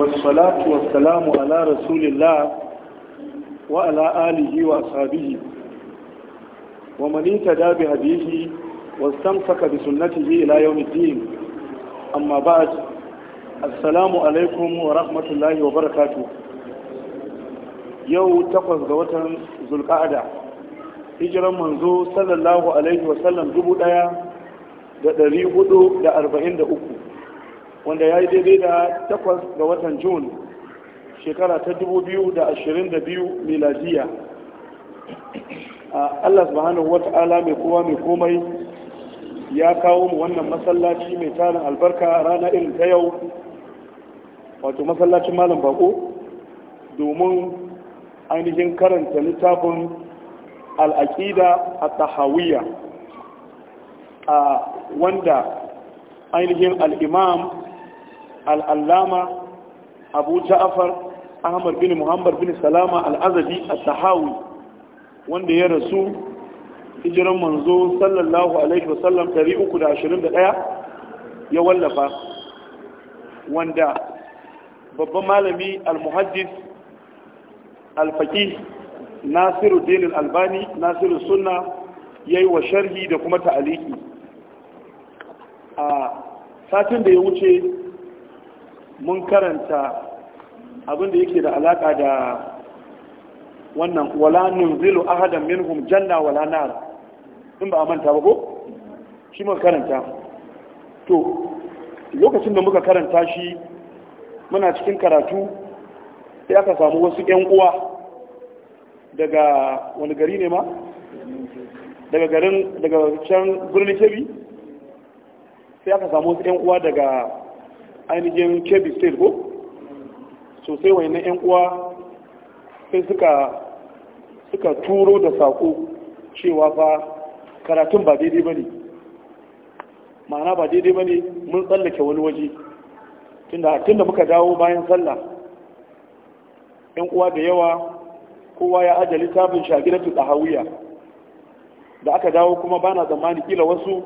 والصلاة والسلام على رسول الله وعلى آله وأصحابه ومن اهتدى بهديه واستمسك بسنته إلى يوم الدين أما بعد السلام عليكم ورحمة الله وبركاته يو تقف دوتا ذو القعدة hijiran manzo sallallahu alaihi wasallam dubu daya da dari hudu da arba'in da uku wanda ya yi daidai da takwas ga watan jun shekara ta 2022 miladiya Allah subhanahu wata'ala mai kowa mai komai ya kawo mu wannan masallaci mai tarin albarka rana irin ta yau wato masallacin malam bako domin ainihin karanta littafin al'aƙida a tahawiyya a wanda ainihin al'imam al'allama abu ja'afar ahmad bin muhammad bin salama al'azabi a sahawi wanda ya rasu hijiran manzo sallallahu alaihi wasallam 321 ya wallafa wanda babban malami al-muhaddis al-faqih nasiru dinin albani nasiru sunna ya yi wa sharhi da kuma ta'aliki a satin da ya wuce mun karanta abinda yake da alaka da wannan wala nunzilu ahadan minhum janna wala nar in ba a manta ba ko shi mun karanta to lokacin da muka karanta shi muna cikin karatu sai aka samu wasu yan uwa daga wani gari ne ma daga garin daga can birnin kebi sai aka samu wasu yan uwa daga ainihin kebbi state ko sosai wani 'yan uwa sai suka turo da sako cewa ba karatun ba daidai ba ne ma'ana ba daidai ba ne mun tsallake wani waje tunda da muka dawo bayan sallah 'yan uwa da yawa kowa ya ajiye littafin shagiratu da hawiya da aka dawo kuma ba na zamani kila wasu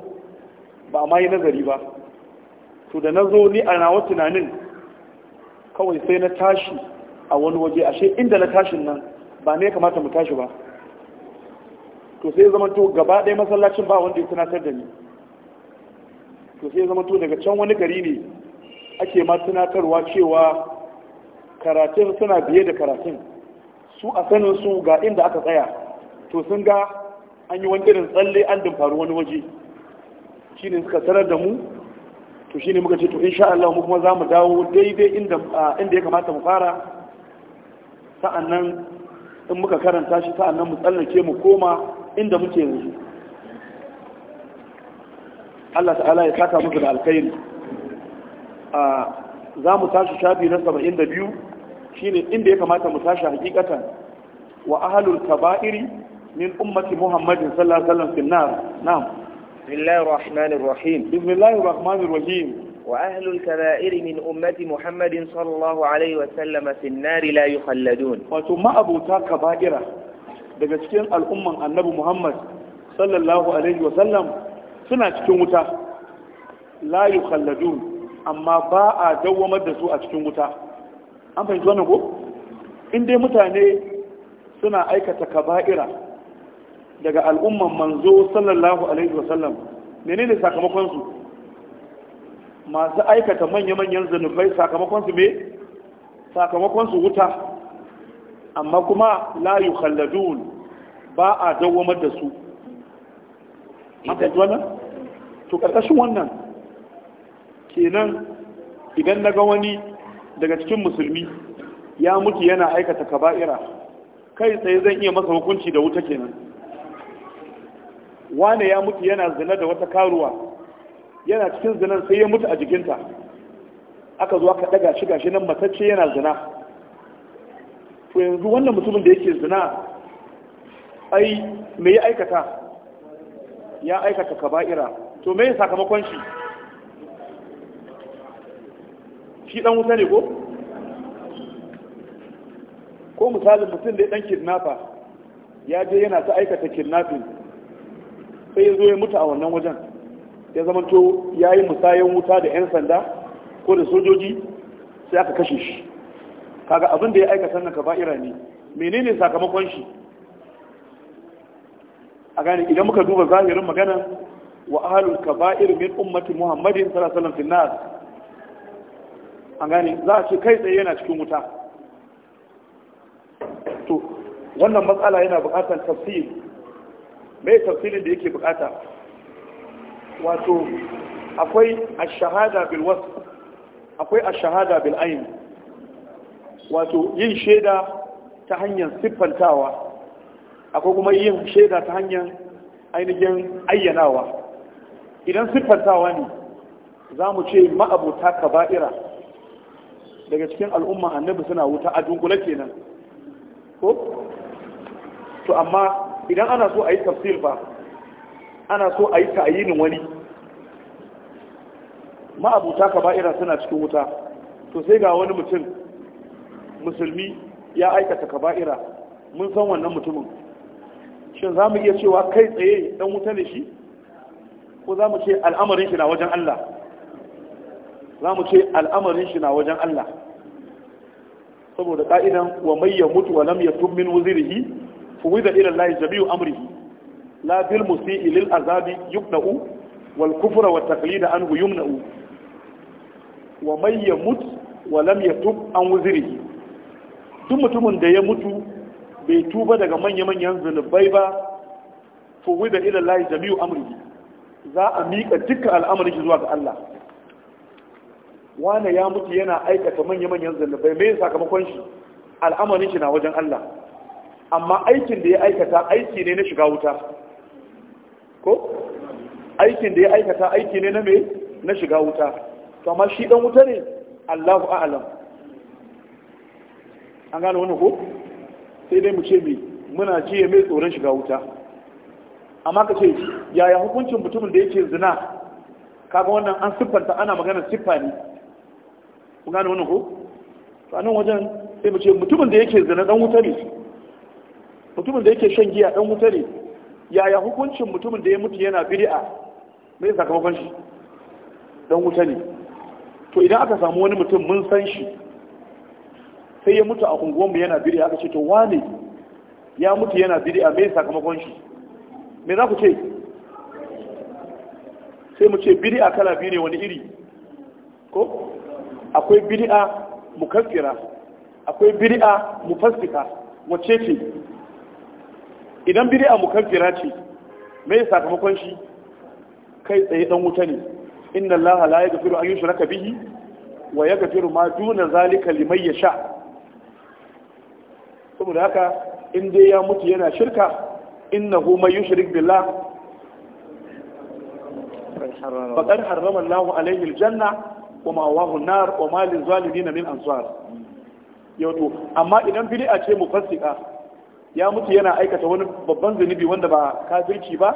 ba ma yi nazari ba to da na zo ni a nawa tunanin kawai sai na tashi a wani waje ashe inda na tashin nan ba ne kamata mu tashi ba to sai zama to gaba ɗaya masallacin ba wanda ya tunatar da ni to sai zama to daga can wani gari ne ake ma tunatarwa cewa karatun suna biye da karatun su a sanin su ga inda aka tsaya to sun ga an yi wani irin tsalle an dimfaru wani waje shi ne suka sanar da mu to shine muka ce to insha Allah mu kuma zamu dawo daidai inda inda ya kamata mu fara sa'annan in muka karanta shi sa'annan mu tsallake mu koma inda muke yanzu Allah ta'ala ya saka muku da alkhairi a za mu tashi shafi na 72 shine inda ya kamata mu tashi hakikatan wa ahlul kaba'iri min ummati muhammadin sallallahu alaihi wasallam fi nar na'am بسم الله الرحمن الرحيم بسم الله الرحمن الرحيم وأهل الكبائر من أمة محمد صلى الله عليه وسلم في النار لا يخلدون وثم أبو تا كبائرة دقشكين الأمة النبي محمد صلى الله عليه وسلم سنة كمتا لا يخلدون أما باء دوما دسوء كمتا أم فهمت وانا إن دي متاني سنة أيكة كبائرة daga al'umman manzo sallallahu alaihi wasallam menene sakamakon su masu aikata manya-manyan zanubai sakamakon su me sakamakon su wuta amma kuma la yukhalladun ba a dawwamar da su haka fahimci wannan to karkashin wannan kenan idan na ga wani daga cikin musulmi ya mutu yana aikata kaba'ira kai tsaye zan iya masa hukunci da wuta kenan wane ya mutu yana zina da wata karuwa yana cikin zinan sai ya mutu a jikinta aka zo aka daga shi gashi nan matacce yana zina to yanzu wannan mutumin da yake zina ai me ya aikata ya aikata kaba'ira to me sakamakon shi shi dan wuta ne ko ko misalin mutum da ya dan kidnapper ya je yana ta aikata kidnapping sai ya zo ya mutu a wannan wajen ya zama to ya yi musayen wuta da 'yan sanda ko da sojoji sai aka kashe shi kaga abin da ya aikata na kaba'ira ne menene sakamakon shi a gane idan muka duba zahirin magana wa ahalul kaba'ir min ummati muhammadin sarasalan alaihi a an gane za a ce kai tsaye yana cikin wuta to wannan matsala yana buƙatar tafsir mai tafsirin da yake bukata wato akwai ashahada bil wasu akwai ashahada bil ayn wato yin shaida ta hanyar siffantawa akwai kuma yin shaida ta hanyar ainihin ayyanawa idan siffantawa ne za mu ce ma'abuta ba'ira. daga cikin al'umma annabi suna wuta a dunkule kenan ko to amma idan ana so a yi tafsir ba ana so a yi ta'ayinin wani ma'abuta ka ba'ira suna cikin wuta to sai ga wani mutum musulmi ya aikata ka ba'ira mun san wannan mutumin shin za mu iya cewa kai tsaye dan wuta ne shi ko za mu ce al'amarin shi na wajen Allah za mu ce al'amarin shi na wajen Allah saboda ka'idan wa mai ya mutu wa lam yatub min wuzirihi fuwida ila Allah jami'u amrihi la bil musii lil azabi yubna'u wal kufra wat taqlid anhu yumna'u wa man yamut wa lam yatub an wuzrihi duk mutumin da ya mutu bai tuba daga manya-manyan zunubai ba fuwida ila Allah jami'u amrihi za a miƙa dukkan al'amarin shi zuwa ga Allah wane ya mutu yana aikata manya-manyan zunubai me sakamakon shi al'amarin shi na wajen Allah amma aikin da ya aikata aiki ne na shiga wuta ko aikin da ya aikata aiki ne na me na shiga wuta to amma shi dan wuta ne Allahu a'lam an gane wani ko sai dai mu ce mi muna jiye mai tsoron shiga wuta amma ka ce yaya hukuncin mutumin da yake zina kaga wannan an siffanta ana magana siffa ne ku gane wani ko to wajen sai mu ce mutumin da yake zina dan wuta ne mutumin da yake shan giya dan wuta ne yaya hukuncin mutumin da ya mutu yana bid'a me sakamakon shi dan wuta ne to idan aka samu wani mutum mun san shi sai ya mutu a mu yana bid'a aka ce to wane ya mutu yana bid'a me sakamakon shi me za ku ce sai mu ce bid'a kala biyu ne wani iri ko akwai bid'a mukaffira akwai bid'a mufassika wacce ce idan mukan fira ce me sakamakon shi kai tsaye dan wuta ne inna Allah la gafiru an yushraka bihi wa ya gafiru ma duna zalika liman yasha saboda haka in dai ya mutu yana shirka innahu may yushrik billah faqad harrama allahu alayhi aljanna wa ma'awahu an-nar wa ma lil zalimin min ansar yau amma idan a ce mufassika ya mutu yana aikata wani babban zunubi wanda ba kafirci ba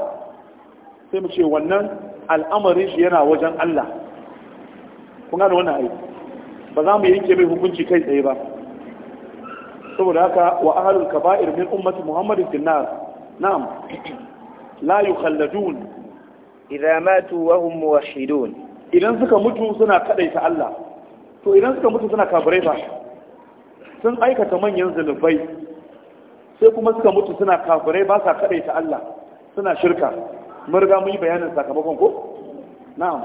sai mu ce wannan al'amarin shi yana wajen Allah kun gane wannan aiki ba za mu yanke mai hukunci kai tsaye ba saboda haka wa ahlul kaba'ir min ummati muhammadin finnar na'am la yukhalladun idza matu wa hum muwahhidun idan suka mutu suna kadaita Allah to idan suka mutu suna kafirai ba sun aikata manyan zulubai sai kuma suka mutu suna kafirai ba sa ta Allah suna shirka mun riga mun yi bayanin sakamakon ko na'am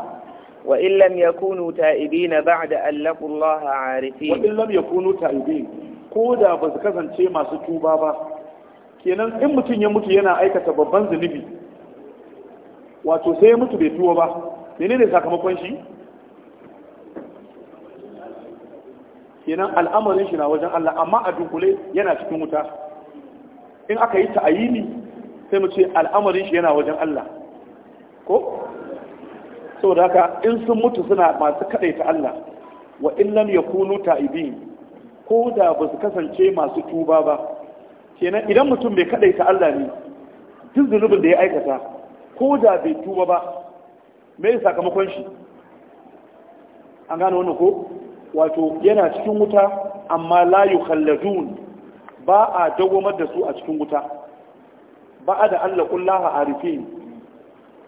wa in lam yakunu ta'ibina ba'da an laqu Allah arifin wa in lam yakunu ta'ibin ko da ba su kasance masu tuba ba kenan in mutum ya mutu yana aikata babban zunubi wato sai ya mutu bai tuwa ba menene sakamakon shi kenan al'amarin shi na wajen Allah amma a dunkule yana cikin wuta in aka yi ta'ayini sai mu ce al'amarin shi yana wajen Allah ko saboda haka in sun mutu suna masu kadaita Allah wa in lam yakunu ta'ibin ko da ba su kasance masu tuba ba kenan idan mutum bai kadaita Allah ne duk zunubin da ya aikata ko da bai tuba ba me sakamakon shi an gane wannan ko wato yana cikin wuta amma la yukhalladun ba a dawwamar da su a cikin wuta ba a da Allah kullaha a arifin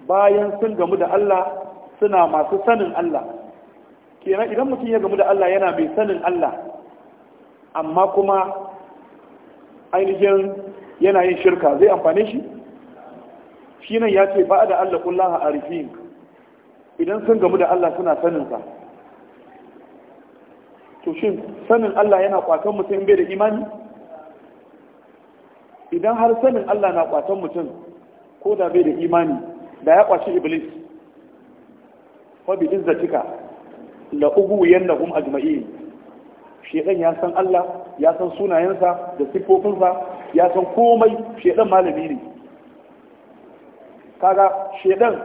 bayan sun gamu da Allah suna masu sanin Allah kenan idan mutum ya gamu da Allah yana mai sanin Allah amma kuma ainihin yana yin shirka zai amfane shi shi nan ya ce ba a da Allah kullaha a arifin idan sun gamu da Allah suna saninsa to shin sanin Allah yana kwatan mutum bai da imani idan har sanin Allah na kwatan mutum ko da bai da imani da ya kwaci iblis ko bi izzatika la yannahum ajma'in shedan ya san Allah ya san sunayensa da sifofinsa ya san komai shedan malami ne kaga shedan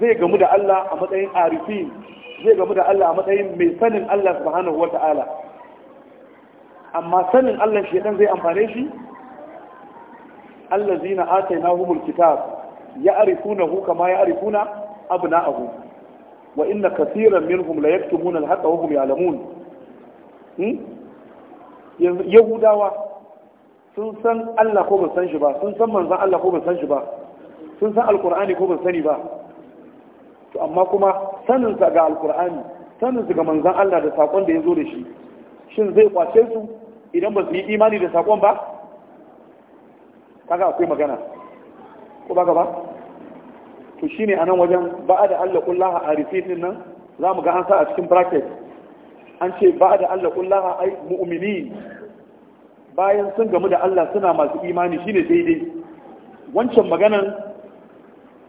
zai gamu da Allah a matsayin arifin zai gamu da Allah a matsayin mai sanin Allah subhanahu wata'ala amma sanin Allah shedan zai amfane shi allazina atainahumul kitab ya'rifunahu kama ya'rifuna abna'ahum wa inna kaseeran minhum la yaktumuna al-haqqa wa hum ya'lamun hmm? yahudawa sun san Allah ko ban san shi ba sun san manzon Allah ko ban san shi ba sun san alqur'ani ko ban sani ba to amma kuma sanin sa ga alqur'ani sanin sa ga manzon Allah da sakon da ya zo da shi shin zai kwace su idan ba su yi imani da sakon ba kaga akwai magana ko ba ba to shine anan wajen ba da Allah kullaha arifin din nan zamu ga an sa a cikin bracket an ce ba da Allah kullaha ai mu'mini bayan sun gamu da Allah suna masu imani shine daidai wancan maganan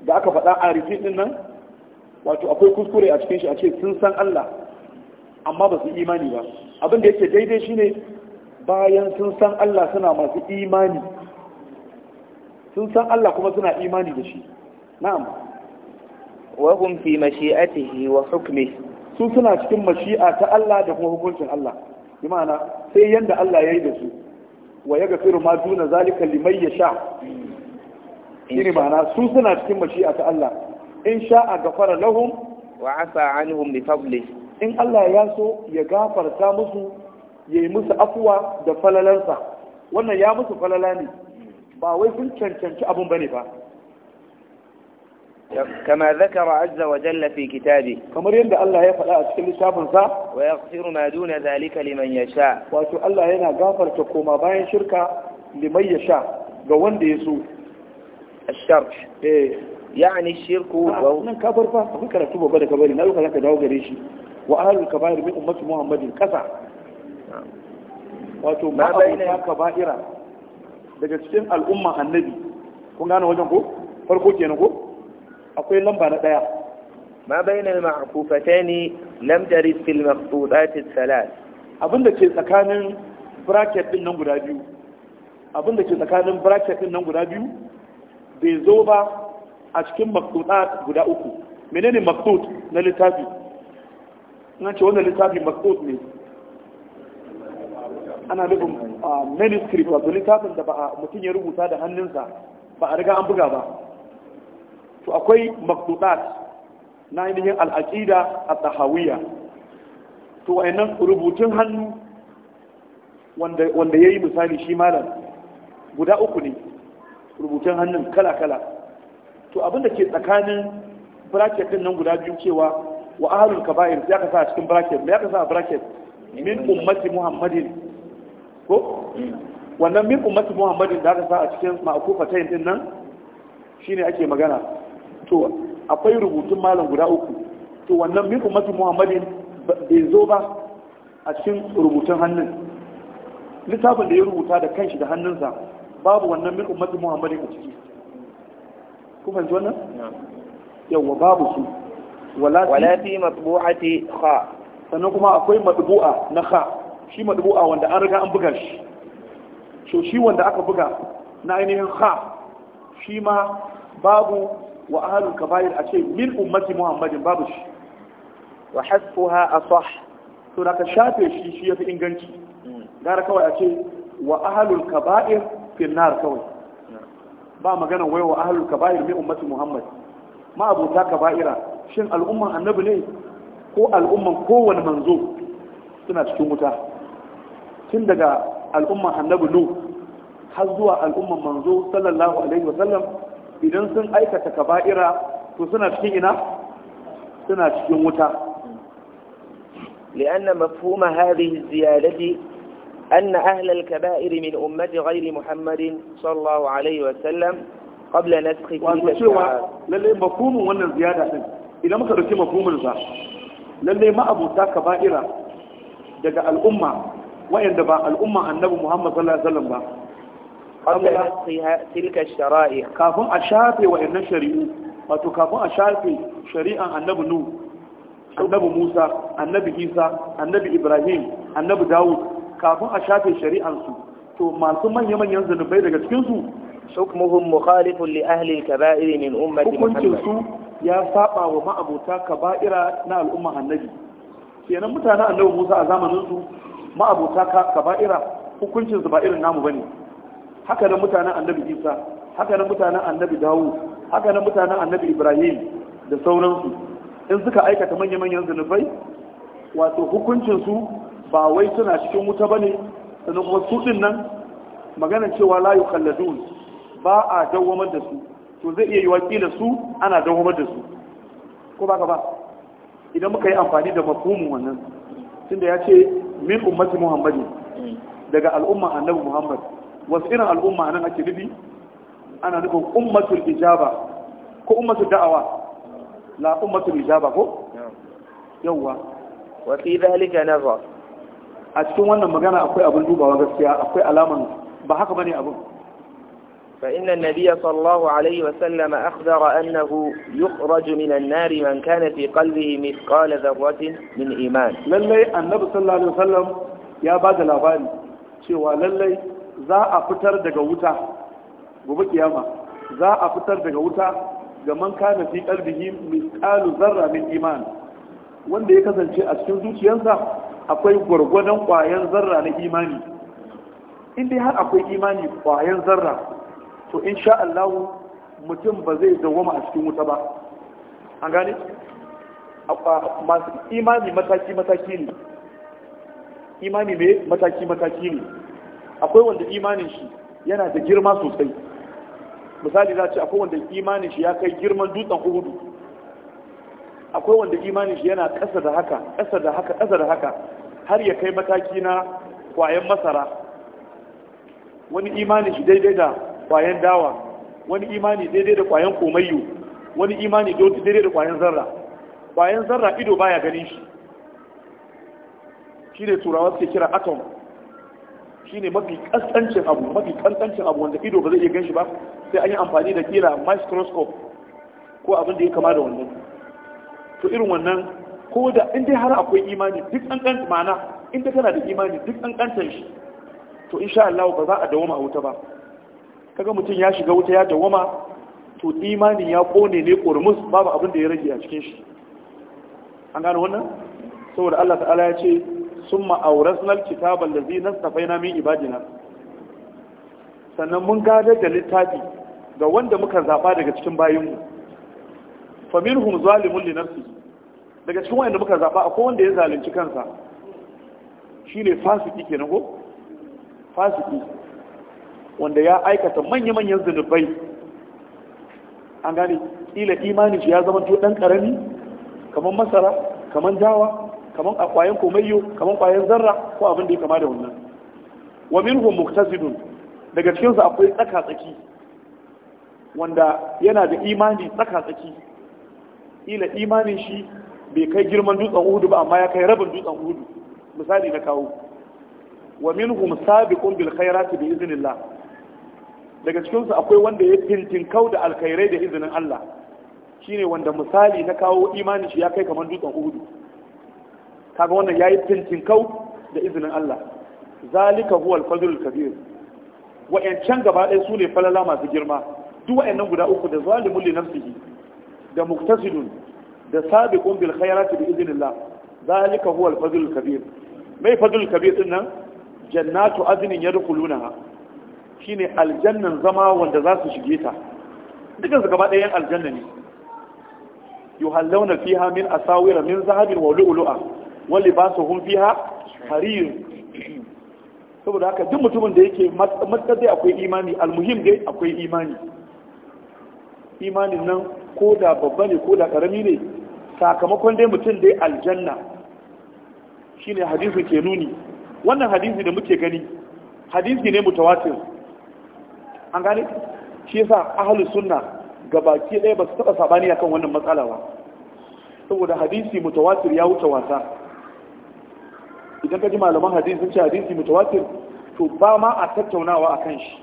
da aka faɗa arifin din nan wato akwai kuskure a cikin shi a ce sun san Allah amma ba su imani ba abin da yake daidai shine bayan sun san Allah suna masu imani sun san Allah kuma suna imani da shi na'am wa hum fi mashi'atihi wa hukmi su suna cikin mashi'a ta Allah da kuma hukuncin Allah bi ma'ana sai yanda Allah yayi da su wa yaghfiru ma duna zalika liman yasha shine ma'ana su suna cikin mashi'a ta Allah in sha'a gafara lahum wa asa anhum bi fadli in Allah ya so ya gafarta musu yayi musu afuwa da falalansa wannan ya musu falala ne ba wai sun cancanci abun bane ba كما ذكر عز وجل في كتابه كما يند الله يفعل أسكل لسابنسا ويغفر ما دون ذلك لمن يشاء واتو الله هنا غافر تقوما باين شركة لمن يشاء قوان دي يسو الشرح إيه يعني الشرك وهو من كبر فا فكرة تبو بدا كبري نالوك لك دعو قريشي وأهل الكبائر من أمة محمد كسع واتو ما بين كبائرة daga cikin al'umma annabi kun gane wajen ko farko kenan ko akwai lamba na daya ma bainal ma'kufatani lam tarid fil maqtudat thalath abinda ke tsakanin bracket din nan guda biyu abinda ke tsakanin bracket din nan guda biyu bai zo ba a cikin maqtudat guda uku menene maqtud na littafi nan ce wannan littafi maqtud ne ana nufin ministry wato littafin da ba mutum ya rubuta da hannunsa ba a riga an buga ba to akwai maktudat na ainihin al'aqida a tahawiyya to wayannan rubutun hannu wanda wanda yayi misali shi malam guda uku ne rubutun hannun kala kala to abinda ke tsakanin bracket din nan guda biyu cewa wa ahlul kaba'ir ya kasa a cikin bracket ya kasa a bracket min ummati muhammadin ko wannan min ummatu muhammadin da aka sa a cikin ma'akufa ta yin nan shine ake magana to akwai rubutun malam guda uku to wannan min ummatu muhammadin bai zo ba a cikin rubutun hannun littafin da ya rubuta da kanshi da hannunsa babu wannan min ummatu muhammadin a ciki ku fahimci wannan wa babu su wala fi matbu'ati kha sannan kuma akwai matbu'a na kha shi madbu'a wanda an riga an buga shi so shi wanda aka buga na ainihin ha shi ma babu wa ahlul kabair a ce min ummati muhammadin babu shi wa hasfuha asah to da ka shafe shi shi yafi inganci gara kawai a ce wa ahlul kabair fil nar kawai ba magana wai wa ahlul kabair min ummati muhammad ma abota kaba'ira shin al'umman annabi ne ko al'umman kowane manzo suna cikin wuta tun daga al'umman annabi lu har zuwa al'umman manzo sallallahu alaihi wasallam idan sun aikata kaba'ira to suna cikin ina suna cikin wuta لأن مفهوم هذه الزيادة أن أهل الكبائر من أمة غير محمد صلى الله عليه وسلم قبل نسخ كل شعار للي مفهوم وانا الزيادة إذا ما كدوكي مفهوم الزا للي ما أبو تاك بائرة دقاء الأمة wayanda ba al'umma annabi Muhammad sallallahu alaihi wasallam ba tilka shara'i kafin a shafe wayannan shari'u wato kafin a shafe shari'an annabi nu annabi Musa annabi Isa annabi Ibrahim annabi Dawud kafin a shafe shari'an su to masu manya manyan zanubai daga cikin su hukmuhum mukhalifun li ahli al-kaba'ir min ummati Muhammad hukuncin ya saba wa ma'abota kaba'ira na al'umma annabi kenan mutanen annabi Musa a zamanin su ma'abota kaba'ira hukuncin su ba irin namu bane haka nan mutanen annabi isa haka nan mutanen annabi Dawu, haka nan mutanen annabi ibrahim da sauransu in suka aikata manya-manyan zunubai wato hukuncinsu ba wai suna cikin wuta bane sannan kuma su din nan magana cewa la yukhalladun ba a dawwamar da su to zai iya yi wakila su ana dawwamar da su ko ba ka ba idan muka yi amfani da mafhumin wannan tunda ya ce min ummati muhammadin daga al'umma annabi muhammad wasu irin al'umma nan ake nufi ana nufin ummatul ijaba ko ummatul da'awa la ummatul ijaba ko yawwa wa fi dhalika nazar a cikin wannan magana akwai abin dubawa gaskiya akwai alaman ba haka bane abin فإن النبي صلى الله عليه وسلم أخبر أنه يخرج من النار من كان في قلبه مثقال ذرة من إيمان للي النبي صلى الله عليه وسلم يا بعد الأبان شوى للي za a fitar daga wuta gobe kiyama za a fitar daga wuta ga man kana fi qalbihi misqalu zarra min iman wanda ya kasance a cikin zuciyarsa akwai gwargwadon kwayan zarra na imani in dai har akwai imani kwayan zarra to sha Allah mutum ba zai dawoma a cikin wuta ba an gane masu imani mataki-mataki ne imani mai mataki-mataki ne akwai wanda imanin shi yana da girma sosai misali za ce akwai wanda imanin shi ya kai girman dutsen hudu, akwai wanda imanin shi yana ƙasa da haka ƙasa da haka ƙasa da haka har ya kai mataki na kwayan masara wani imanin shi daidai da kwayan dawa wani imani daidai da kwayan komayyo wani imani daidai da kwayan zarra kwayan zarra ido baya ganin shi shi ne turawa suke kira atom shi ne mafi kaskancin abu mafi kaskancin abu wanda ido ba zai iya gan shi ba sai an yi amfani da kira microscope ko abin da ya kama da wannan to irin wannan ko da in dai har akwai imani duk an kanta mana in tana da imani duk an kanta shi to insha Allah ba za a dawo ma wuta ba kaga mutum ya shiga wuta ya dawama to imanin ya kone ne kurmus babu abin da ya rage a cikin shi an gano wannan saboda Allah ta'ala ya ce summa awrasnal kitaba allazi nastafaina min ibadina sannan mun gadar da littafi ga wanda muka zaba daga cikin bayinmu faminhum zalimun li nafsi daga cikin wanda muka zaba akwai wanda ya zalunci kansa shine fasiki kenan ko fasiki wanda ya aikata manya-manyan zunubai an gane ila imanin shi ya zama to dan karami kamar masara kamar dawa kamar akwayen komayyo kamar kwayen zarra ko abin da ya kama da wannan wa minhum muktazidun daga cikin su akwai tsaka tsaki wanda yana da imani tsaka tsaki ila imanin shi bai kai girman dutsen uhudu ba amma ya kai rabin dutsen uhudu misali na kawo wa minhum sabiqun bil khairati bi iznillah daga cikinsu akwai wanda ya tintin kau da alkhairai da izinin Allah shine wanda misali na kawo imanin shi ya kai kamar dutsen uhudu kaga wannan yayi tintin kau da izinin Allah zalika huwa al-fadlul kabir wa'ancan gaba ɗaya sune falala masu girma duk wa'annan guda uku da zalimun li nafsihi da muktasidun da sabiqun bil khairati bi idhnillah zalika huwa al-fadlul kabir mai fadlul kabir din nan jannatu adnin yadkhulunaha shine aljannan zama wanda za su shige ta su gaba ɗayan aljanna ne yuhallawna fiha min asawira min zahabin wa lu'lu'a wa libasuhum fiha harir saboda haka duk mutumin da yake matsar dai akwai imani almuhim dai akwai imani imanin nan ko da babba ne ko da karami ne sakamakon dai mutum dai aljanna shine hadisi ke nuni wannan hadisi da muke gani hadisi ne mutawatir an gane shi yasa ahlus sunna gabaki ɗaya ba su taɓa sabani akan wannan matsala ba saboda hadisi mutawatir ya wuce wasa idan ka ji malaman hadisi sun ce hadisi mutawatir to ba ma a tattaunawa a kan shi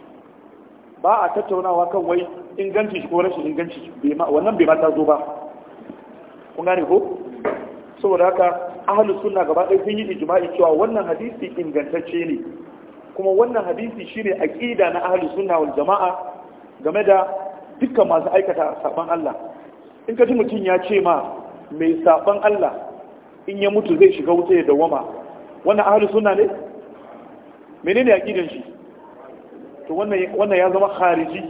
ba a tattaunawa kan wai inganci shi ko rashin inganci wannan bai ta zo ba kun gane ko saboda haka ahlus sunna gaba ɗaya sun yi ijma'i cewa wannan hadisi ingantacce ne kuma wannan hadisi shine aqida na ahlus sunna wal jamaa game da dukkan masu aikata saban Allah in ka ji mutum ya ce ma mai saban Allah in ya mutu zai shiga wuta ya dawama wannan ahlus sunna ne menene aqidan shi to wannan wannan ya zama khariji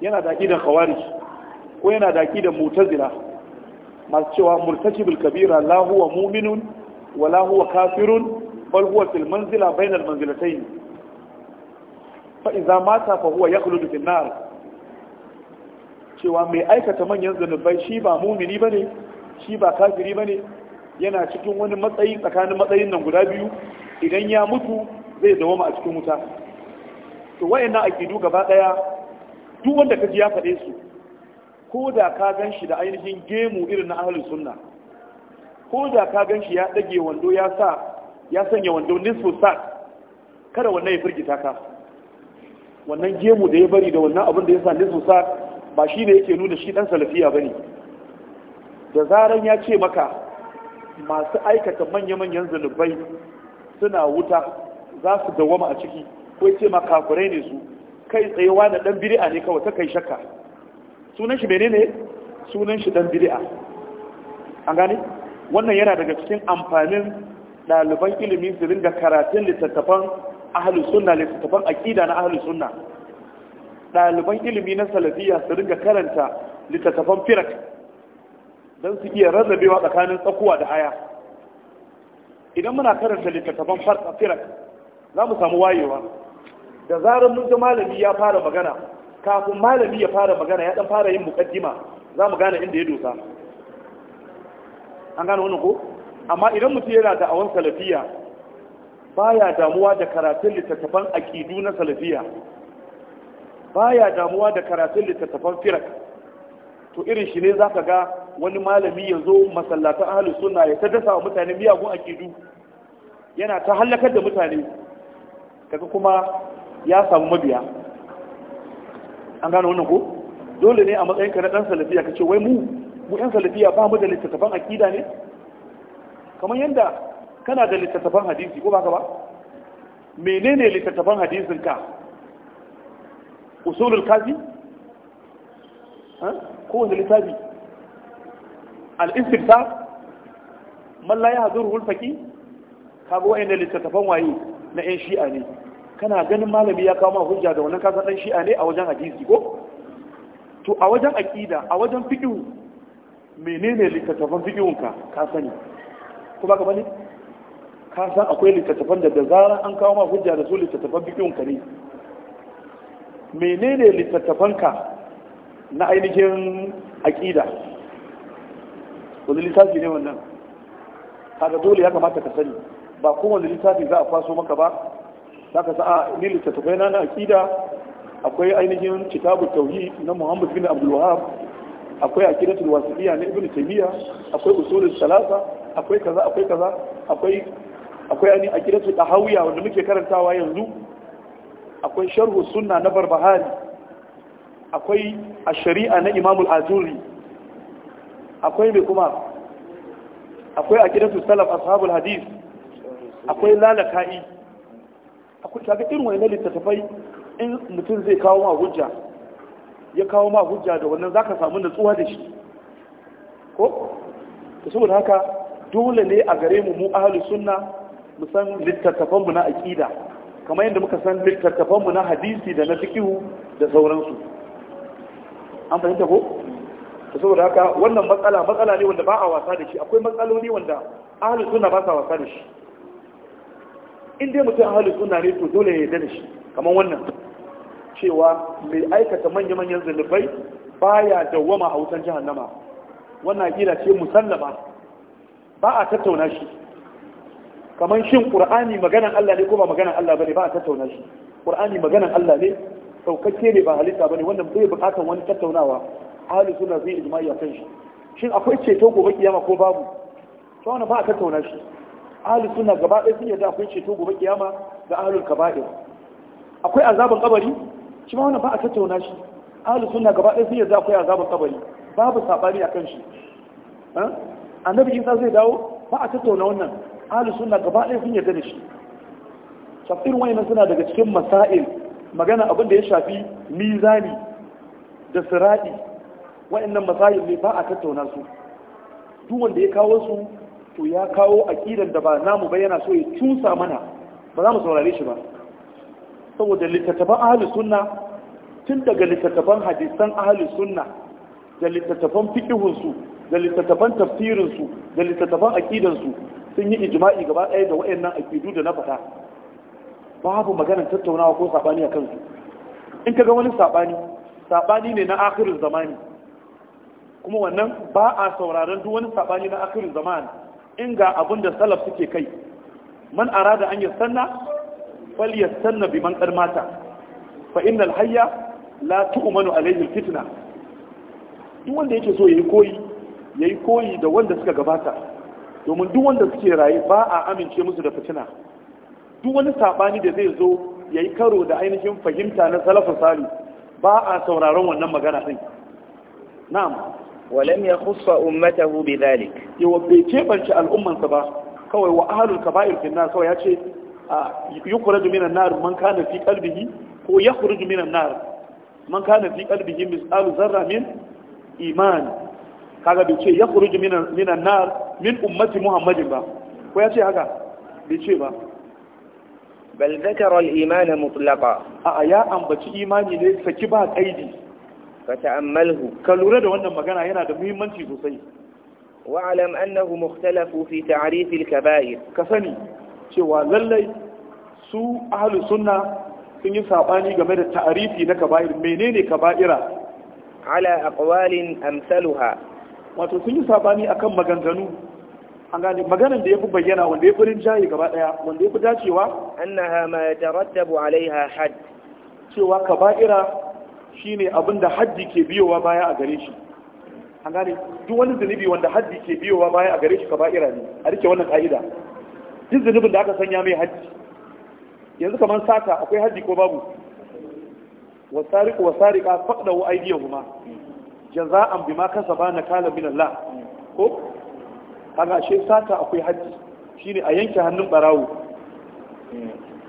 yana da aqidan khawarij ko yana da aqidan mu'tazila masu cewa murtakibul kabira la huwa mu'minun wala huwa kafirun bal huwa fil manzila bainal manzilatayn fa idza mata fa huwa yakhludu fil nar cewa mai aikata manyan zanubai shi ba mumini bane shi ba kafiri bane yana cikin wani matsayi tsakanin matsayin nan guda biyu idan ya mutu zai dawoma a cikin wuta to wayannan akidu gaba daya duk wanda kaji ya faɗe su ko da ka gan shi da ainihin gemu irin na ahalin sunna ko da ka gan shi ya dage wando ya sa ya sanya wando nisfu sa'ad kada wannan ya firgita ka wannan gemu da ya bari da wannan abin da ya sa nisfu ba shi ne yake nuna shi dan salafiya bane da zaran ya ce maka masu aikata manya-manyan zunubai suna wuta za su dawama a ciki ko ce ma kafirai ne su kai tsayewa da dan bid'a ne kawai ta kai shakka sunan shi menene sunan shi dan bid'a an gane wannan yana daga cikin amfanin ɗaliban ilimi su ringa karatun littattafan ahalus sunna littattafan aƙida na ahalus sunna ɗaliban ilimi na salafiya su ringa karanta littattafan firak don su iya rarrabewa tsakanin tsakuwa da aya. idan muna karanta littattafan firak za mu samu wayewa da zarar mun ga malami ya fara magana kafin malami ya fara magana ya dan fara yin mukaddima za mu gane inda ya dosa an gane wannan ko amma idan mutum yana da awon salafiya baya damuwa da karatun littattafan aƙidu na salafiya baya damuwa da karatun littattafan firak to irin shi ne za ka ga wani malami ya zo masallatan ahalu suna ya ta dasa wa mutane miyagun akidu yana ta hallakar da mutane kaga kuma ya samu mabiya an gano wannan ko dole ne a matsayin ka na dan salafiya ka ce wai mu mu yan salafiya ba mu da littattafan akida ne kamar yadda kana da littattafan hadisi ko baka ba menene littattafan hadisin ka usulul kazi ko wani littafi al Malla ya hazuru hulfaki? al-faqih kaga wa'annan littattafan waye na yan shi'a ne kana ganin malami ya kawo hujja da wannan kasan ɗan shi'a ne a wajen hadisi ko to a wajen aƙida a wajen fiqh menene littattafan fiqhunka ka sani ko baka bane ka san akwai littattafan da da zarar an kawo ma hujja da su littattafan bikin ka ne menene littattafan ka na ainihin aqida wani littafi ne wannan kaga dole ya kamata ka sani ba kowane littafi za a kwaso maka ba za ka sa'a ah, ni littattafai na na aqida akwai ainihin kitabu tauhid na Muhammad bin Abdul wahab akwai aqidatul wasiliya na ibnu taymiya akwai usulul salasa akwai kaza akwai kaza akwai akwai ani a gidansu da hawiya wanda muke karantawa yanzu akwai sharhu sunna na barbahari akwai a shari'a na al azuri akwai me kuma akwai a gidansu salaf ashabul hadith akwai lalaka'i akwai kaga irin wani littafai in mutum zai kawo ma hujja ya kawo ma hujja da wannan zaka samu natsuwa da shi ko to saboda haka dole ne a gare mu mu ahlus sunna mu san littattafan mu na aqida kamar yadda muka san littattafan mu na hadisi da na fiqh da sauransu an fahimta ko to saboda haka wannan matsala matsala ne wanda ba a wasa da shi akwai matsaloli wanda ahlus sunna ba sa wasa da shi in dai mutum ahlus sunna ne to dole ya yarda da shi kamar wannan cewa mai aikata manya-manyan zunubai baya dawwama a wutan jahannama wannan akida ce musallama ba a tattauna shi kamar shin qur'ani maganan Allah ne ko ba maganan Allah bane ba a tattauna shi qur'ani maganan Allah ne saukakke ne ba halitta bane wannan bai bukatan wani tattaunawa ahli sunna zai ijma'i akan shi shin akwai ceto gobe kiyama ko babu to wannan ba a tattauna shi ahli sunna gaba ɗaya sun yarda akwai ceto gobe kiyama ga ahli kaba'ir akwai azabin kabari shi ma wannan ba a tattauna shi ahli sunna gaba ɗaya sun yarda akwai azabin kabari babu sabani akan shi annabi isa zai dawo ba a tattauna wannan ahli sunna gaba ɗaya sun yarda da shi tafsirin wayannan suna daga cikin masail magana abin da ya shafi mizani da siradi Waɗannan masail ne ba a tattauna su duk wanda ya kawo su to ya kawo aqidan da ba namu ba yana so ya cusa mana ba za mu saurare shi ba saboda littattafan ahli sunna tun daga littattafan hadisan ahli sunna da littattafan fiqhun su da littattafan tafsirinsu da littattafan akidansu sun yi ijima'i gaba ɗaya da wa'annan akidu da na fasa, babu maganar tattaunawa ko saɓani a kansu in ka ga wani saɓani saɓani ne na akirin zamani kuma wannan ba a sauraron duk wani saɓani na akirin zamani in ga abin da salaf suke kai man arada an yastanna fal yastanna bi man mata fa innal hayya la tu'manu alayhi fitna duk wanda yake so yayi koyi ya yi koyi da wanda suka gabata domin duk wanda suke raye ba a amince musu da fitina duk wani saɓani da zai zo ya yi karo da ainihin fahimta na salafin sari ba a sauraron wannan magana ɗin na'am walam ya kusa ummatahu bi dhalik yawa bai kebance al'ummansa ba kawai wa ahlul kaba'ir fi nar kawai ya ce minan nar man kana fi qalbihi ko yakhruju minan nar man kana fi qalbihi misqalu zarra min iman kaga bai ce ya kuruji minan nar min ummati muhammadin ba ko ya ce haka bai ce ba bal zakara al-iman mutlaqa a ya ambaci imani ne saki ba kaidi Ka ta'ammalhu ka lura da wannan magana yana da muhimmanci sosai wa alam annahu mukhtalafu fi ta'rif al-kaba'ir ka sani cewa lallai su ahlus sunna sun yi sabani game da ta'rifi na kaba'ir menene kaba'ira ala aqwalin amsaluha wato sun yi sabani akan maganganu an gane maganan da yafi bayyana wanda yafi rinjaye gaba daya wanda yafi dacewa annaha ma yatarattabu alaiha hadd cewa kaba'ira shine abinda haddi ke biyowa baya a gare shi an gane duk wani zunubi wanda haddi ke biyowa baya a gare shi kaba'ira ne a rike wannan ka'ida duk zunubin da aka sanya mai haddi yanzu kamar sata akwai haddi ko babu wasariku wasariqa faqda aydiyahuma jaza'an ma kasaba na kala min Allah ko kaga shi sata akwai haji shine a yanke hannun barawo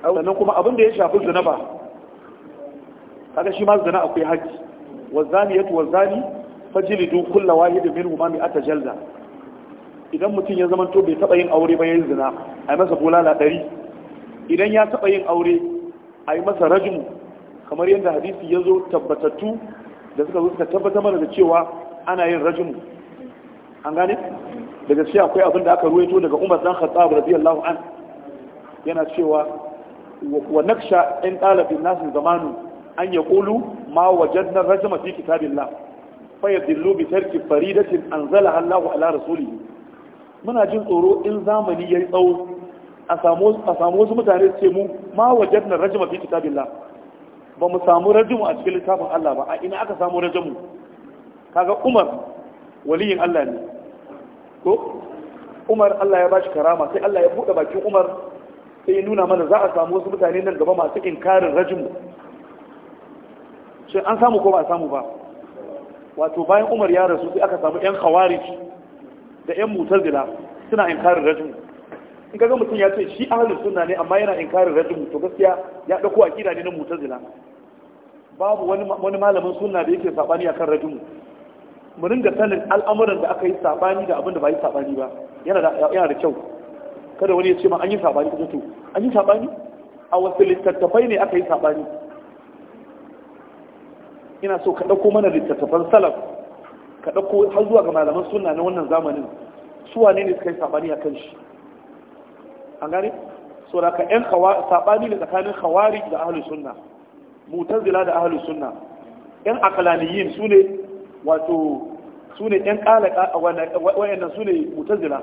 sannan kuma abin ya shafi zina ba kaga shi ma zina akwai haji yatu wazani fajlidu kull wahid minhum ma mi'ata jalda idan mutum ya zamanto bai taba yin aure ba yayin zina ai masa bulala dari idan ya taba yin aure ai masa rajmu kamar yadda hadisi ya zo tabbatattu da suka zo suka tabbatar mana da cewa ana yin rajimu an gane daga gaskiya akwai abin da aka ruwaito daga Umar dan Khattab radiyallahu an yana cewa wa naksha in talabin nasu zamanu an yaqulu ma wajadna rajma fi kitabillah fa yadillu bi tarki faridatin anzalaha Allahu ala rasulihi muna jin tsoro in zamani yayi tsawo a samu wasu mutane su ce mu ma wajadna rajma fi kitabillah ba mu samu rajumu a cikin littafin Allah ba a ina aka samu rajumu kaga Umar waliyin Allah ne ko Umar Allah ya bashi karama sai Allah ya bude bakin Umar sai ya nuna mana za a samu wasu mutane nan gaba masu inkarin rajumu shin an samu ko ba samu ba wato bayan Umar ya rasu sai aka samu yan khawarij da yan mutazila suna inkarin rajumu in kaga mutum ya ce shi ahlus sunna ne amma yana inkarin rajin to gaskiya ya dauko akida ne na mutazila babu wani wani malamin sunna da yake sabani akan rajin mu ringa sanin al'amuran da aka yi sabani da abin da ba yi sabani ba yana da yana da kyau kada wani ya ce ma an yi sabani ko to an yi sabani a wasu littattafai ne aka yi sabani ina so ka dauko mana littattafan salaf ka dauko har zuwa ga malaman sunna na wannan zamanin suwa ne ne suka yi sabani akan shi an gane so da ka yan sabani da tsakanin khawari da ahalus sunna mutazila da ahalus sunna yan akalaniyin su ne wato su ne yan ƙalaka wayannan su ne mutazila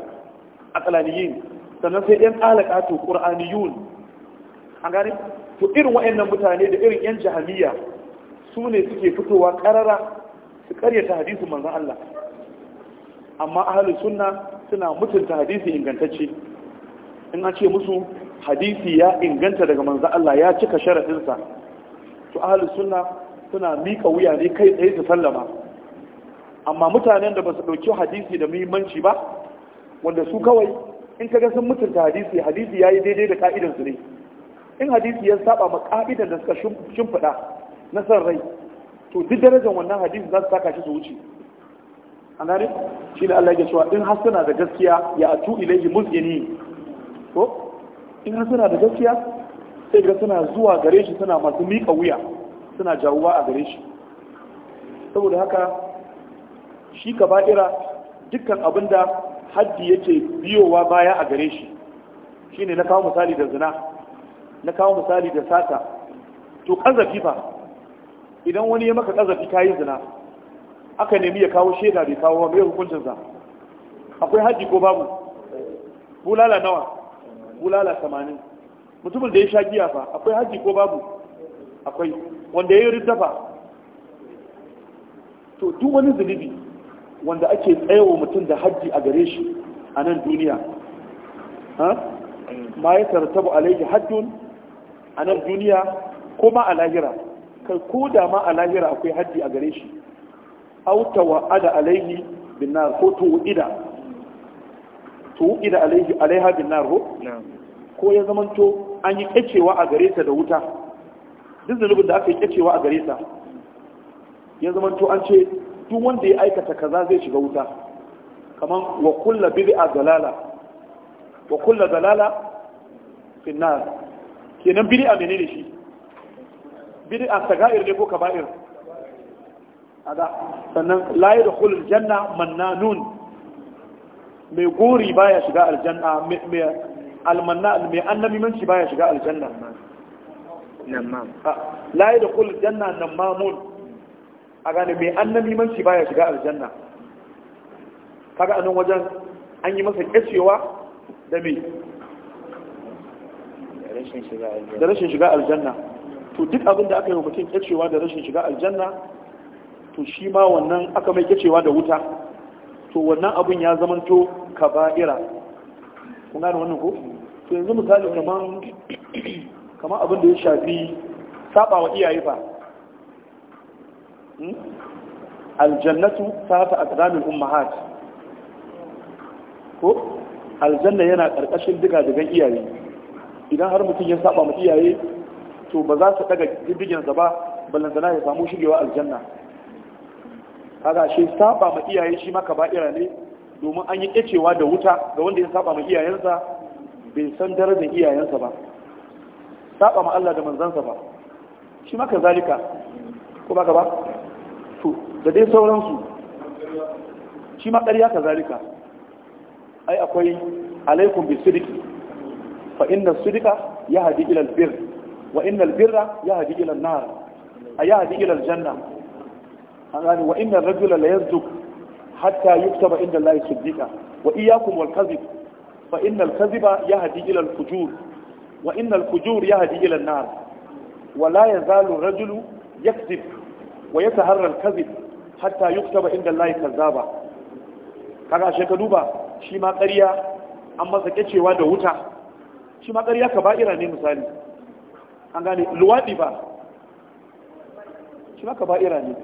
akalaniyin sannan sai yan ƙalaka to qur'aniyun an gane to irin wayannan mutane da irin yan jahiliya su ne suke fitowa ƙarara su karyata hadisin manzon Allah amma ahalus sunna suna mutunta hadisi ingantacce in a ce musu hadisi ya inganta daga manzan Allah ya cika sharaɗinsa to ahalus sunna suna mika wuya ne kai tsaye su sallama amma mutanen da ba su ɗauki hadisi da muhimmanci ba wanda su kawai in kaga sun mutunta hadisi hadisi ya yi daidai da ka'idar su ne in hadisi ya saba ma ka'idan da suka shimfiɗa na san rai to duk darajar wannan hadisi za su saka shi su wuce a gane shi da Allah ya cewa in har suna da gaskiya ya atu ilaihi muzgini ko in har suna da gaskiya sai ga suna zuwa gare shi suna masu miƙa wuya suna jawuwa a gare shi saboda haka shi ka ba'ira dukkan abin da haddi yake biyowa baya a gare shi shine na kawo misali da zina na kawo misali da sata to kazafi fa idan wani ya maka kazafi yi zina aka nemi ya kawo shaida bai kawo ba mai hukuncinsa akwai haddi ko babu bulala nawa bulala samanin mutumin da ya sha giya fa akwai haji ko babu akwai wanda ya yi riddafa to duk wani zunubi wanda ake tsayawa mutum da haji a gare shi a nan duniya ma ya tarattabu alaihi haddun a nan duniya ko ma a lahira kai ko da ma a lahira akwai haji a gare shi autawa ada alaihi binna ko to ida to wuƙi da alaiha bin nar ko ya zamanto an yi kyacewa a gare ta da wuta duk nufin da aka yi kyacewa a gare ta ya zamanto an ce duk wanda ya aikata kaza zai shiga wuta kamar wa kulla bid'a dalala wa kulla dalala fi nar kenan bid'a menene shi bid'a sagair ne ko kaba'ir ada sannan la yadkhulul janna nun. mai gori baya shiga aljanna mai almanna mai annabi manci baya shiga aljanna namam la yadkhul janna namamun a gane mai annabi manci baya shiga aljanna kaga anan wajen an yi masa kacewa da mai da rashin shiga aljanna to duk abin da aka yi wa mutum kacewa da rashin shiga aljanna to shi ma wannan aka mai kacewa da wuta to wannan abin ya zamanto kaba'ira kun gane wannan ko to yanzu misali kaman kaman abin da ya shafi saba wa iyaye fa hmm? aljannatu sata aqdamil ummahat ko aljanna yana karkashin diga daga iyaye idan har mutum ya saba mu iyaye to ba za su daga sa ba ballantana ya samu shigewa aljanna kaga shi saba ma iyaye shi maka ba'ira ne domin an yi kecewa da wuta ga wanda ya saba ma iyayensa bai san darajar iyayensa ba saba ma Allah da manzansa ba shi maka zalika ko ba ba to da dai sauransu shi ma ƙarya ka zalika ai akwai alaikum bi sidiki fa inna sidika yahdi ila albir wa inna albirra yahdi ila an-nar ay ila al-janna an gane wa inna rajula la yanzuk hatta yuktaba inda Allah siddiqa wa iyyakum wal kadhib fa innal kadhiba yahdi ila al fujur wa innal fujur yahdi ila an nar wa la yazalu rajulu yakzib wa yataharra al kadhib hatta yuktaba inda Allah kazzaba kaga shi ka duba shi ma ƙarya an masa kecewa da wuta shi ma ƙarya ka ba'ira ne misali an gane luwaɗi ba shi ma ka ba'ira ne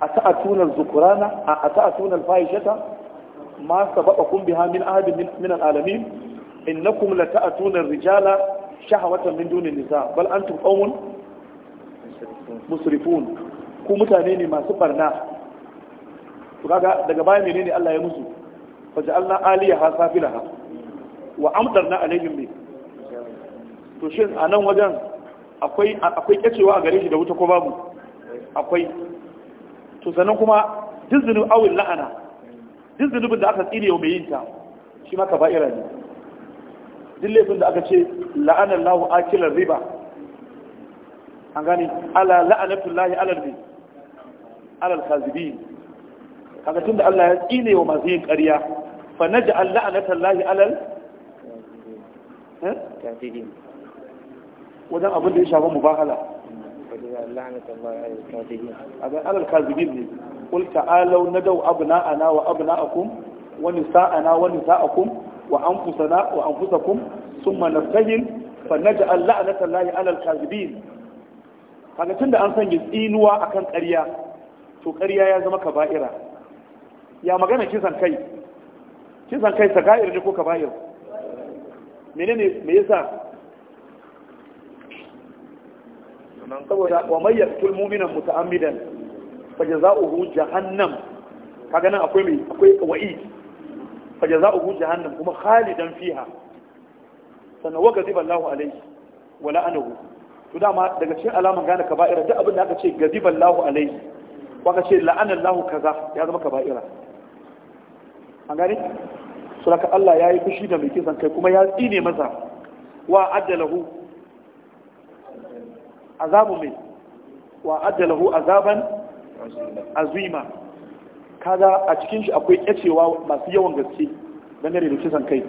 a ta'atunan zukurana a ta'atunan fahishata ma sabaqakum biha min ahadin min alalamin innakum la ta'atunan rijala shahawatan min dunin nisa bal antum qaumun musrifun ku mutane ne masu barna kaga daga baya menene Allah ya musu fa ja'alna aliyaha safilaha wa amdarna alaihim bi to shin anan wajen akwai akwai kacewa a gare shi da wuta ko babu akwai to sannan kuma duk zunub awil la'ana duk zunubin da aka tsine mai yinta shi maka kaba'ira ne duk laifin da aka ce la'anar lahu akilar riba an gani ala la'anatun lahi alarbi alal kazibin kaga da Allah ya tsine wa masu yin ƙarya fa naj'al la'anatul lahi alal eh? wajen abin da ya shafi mubahala فلذا لعنة الله على الكاذبين هذا على الكاذبين ne قل تعالوا ندعو أبناءنا وأبناءكم ونساءنا ونساءكم وأنفسنا وأنفسكم ثم نبتهل فنجعل لعنة الله على الكاذبين kaga tunda an sanya tsinuwa akan ƙarya to ƙarya ya zama kaba'ira ya magana kisan kai kisan kai saga'ir ne ko kaba'ir menene me yasa saboda wa mai yaqtul mu'minan muta'ammidan fa jazaohu jahannam kaga nan akwai mai akwai wa'id fa jazaohu jahannam kuma khalidan fiha sannan wa gaziba Allahu alaihi wa la'anahu to dama daga cikin alaman gane kaba'ira duk abin da aka ce gaziba Allahu alaihi ko aka ce la'ana Allahu kaza ya zama kaba'ira an gane suraka Allah ya yi fushi da mai kisan kai kuma ya tsine masa wa addalahu azabu mai wa ajalahu azaban azima kaga a cikin shi akwai yacewa masu yawan gaske dangane da kisan kai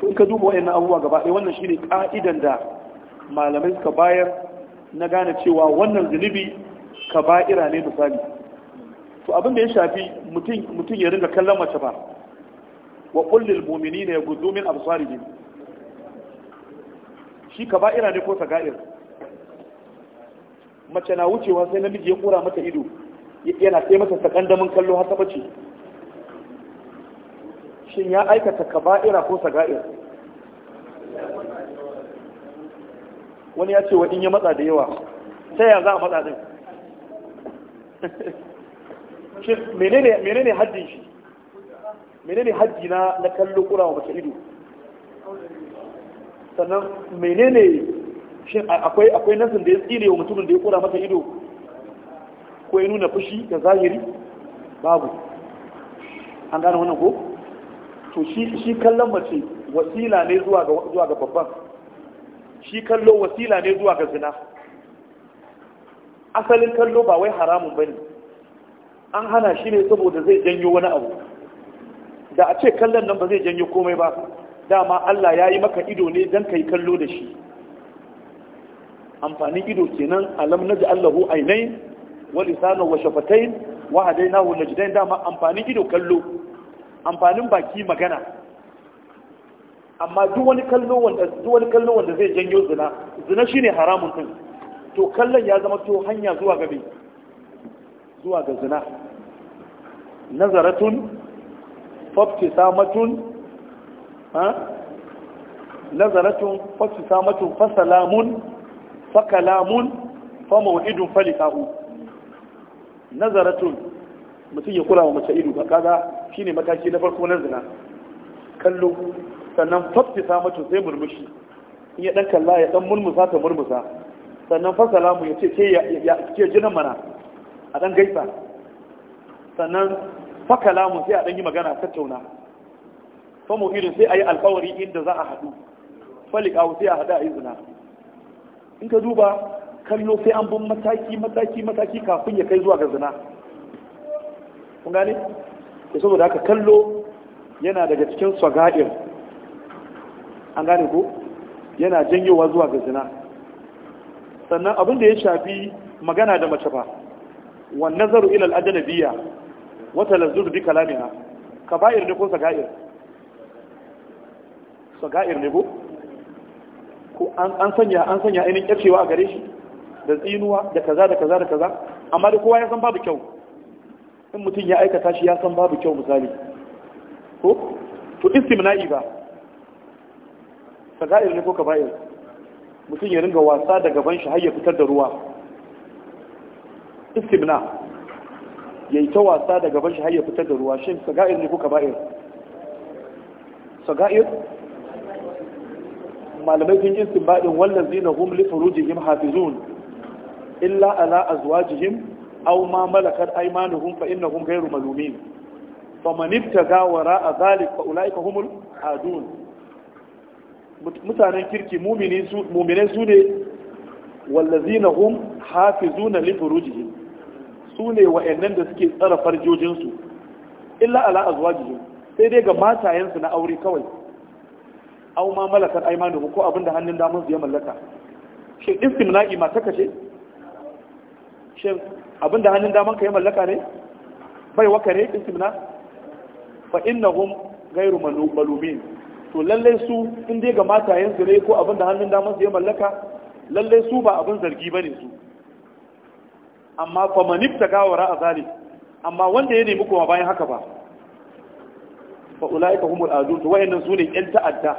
to in ka duba wayannan abubuwa gaba ɗaya wannan shine ka'idan da malamai suka bayar na gane cewa wannan zunubi ba'ira ne misali to abin da ya shafi mutum ya ringa kallon mace ba wa kullil mu'minina yaghuddu min absarihim shi ka ba'ira ne ko saga'ir mace na wucewa sai namiji ya kura mata ido yana sai mata sakandamin kallo har ta bace shin ya aikata kaba'ira ko saga'ir wani ya ce wa in ya matsa da yawa sai ya za a matsa din menene haddin shi menene haddi na na kallo kura wa mace ido sannan menene shin akwai akwai nasin da ya tsire wa mutumin da ya kura masa ido ko ya nuna fushi da zahiri babu an gane wannan ko to shi kallon mace wasila ne zuwa ga babban shi kallo wasila ne zuwa ga zina asalin kallo ba wai haramun bane an hana shi ne saboda zai janyo wani abu da a ce kallon nan ba zai janyo komai ba dama Allah ya yi maka ido ne don ka yi kallo da shi amfanin ido kenan alam naji allahu ainai wa lisanu wa shafatain wa hadainahu najdain dama amfanin ido kallo amfanin baki magana amma duk wani kallo wanda duk wani kallo wanda zai janyo zina zina shine haramun din to kallon ya zama to hanya zuwa ga zuwa ga zina nazaratun fabtisamatun ha nazaratun fabtisamatun fasalamun fa kalamun fa maw'idun fa nazaratun mutum ya kula wa mace ido ba kaga shine mataki na farko na zina kallo sannan fattisa mace sai murmushi in ya dan kalla ya dan murmusa ta murmusa sannan fa salamu ya ce ya ke jinan mana a dan gaisa sannan fa kalamu sai a dan yi magana tattauna fa mu'irin sai ayi alfawari inda za a haɗu falikahu sai a haɗa a yi zina in ka duba kallo sai an bin mataki mataki mataki kafin ya kai zuwa ga zina kun gane to saboda haka kallo yana daga cikin swagadir an gane ko yana janyowa zuwa ga zina sannan abin da ya shafi magana da mace ba wa nazaru ila al-ajnabiyya wa talazzur bi kalamiha kaba'ir ne ko sagair sagair ne ko an sanya an sanya ainihin kyafcewa a gare shi da tsinuwa da kaza da kaza da kaza amma da kowa ya san babu kyau in mutum ya aikata shi ya san babu kyau misali ko to istimna'i ba saga'ir ne ko kaba'ir mutum ya ringa wasa da gaban shi har ya fitar da ruwa istimna ya yi ta wasa da gaban shi har ya fitar da ruwa shin saga'ir ne ko kaba'ir saga'ir malamai sun yi wannan zina hum li furujihim hafizun illa ala azwajihim aw ma malakat aymanuhum fa innahum ghayru malumin man ibtaga wara zalik fa ulaika humul adun mutanen kirki mumini su mumine su ne wallazina hum hafizun li furujihim su ne wa'annan da suke tsara farjojinsu illa ala azwajihim sai dai ga matayensu na aure kawai au ma malakar aymanuhum ko abinda hannun damar su ya mallaka shin istimna'i ma ta kace shin abinda hannun damar ka ya mallaka ne bai waka ne istimna fa innahum ghayru malumin to lalle su in dai ga matayen su ne ko abinda hannun damar su ya mallaka lalle su ba abin zargi bane su amma fa manifta gawara a zalik amma wanda ya nemi kuma bayan haka ba fa ulaika humul azun to wayannan sune yan ta'adda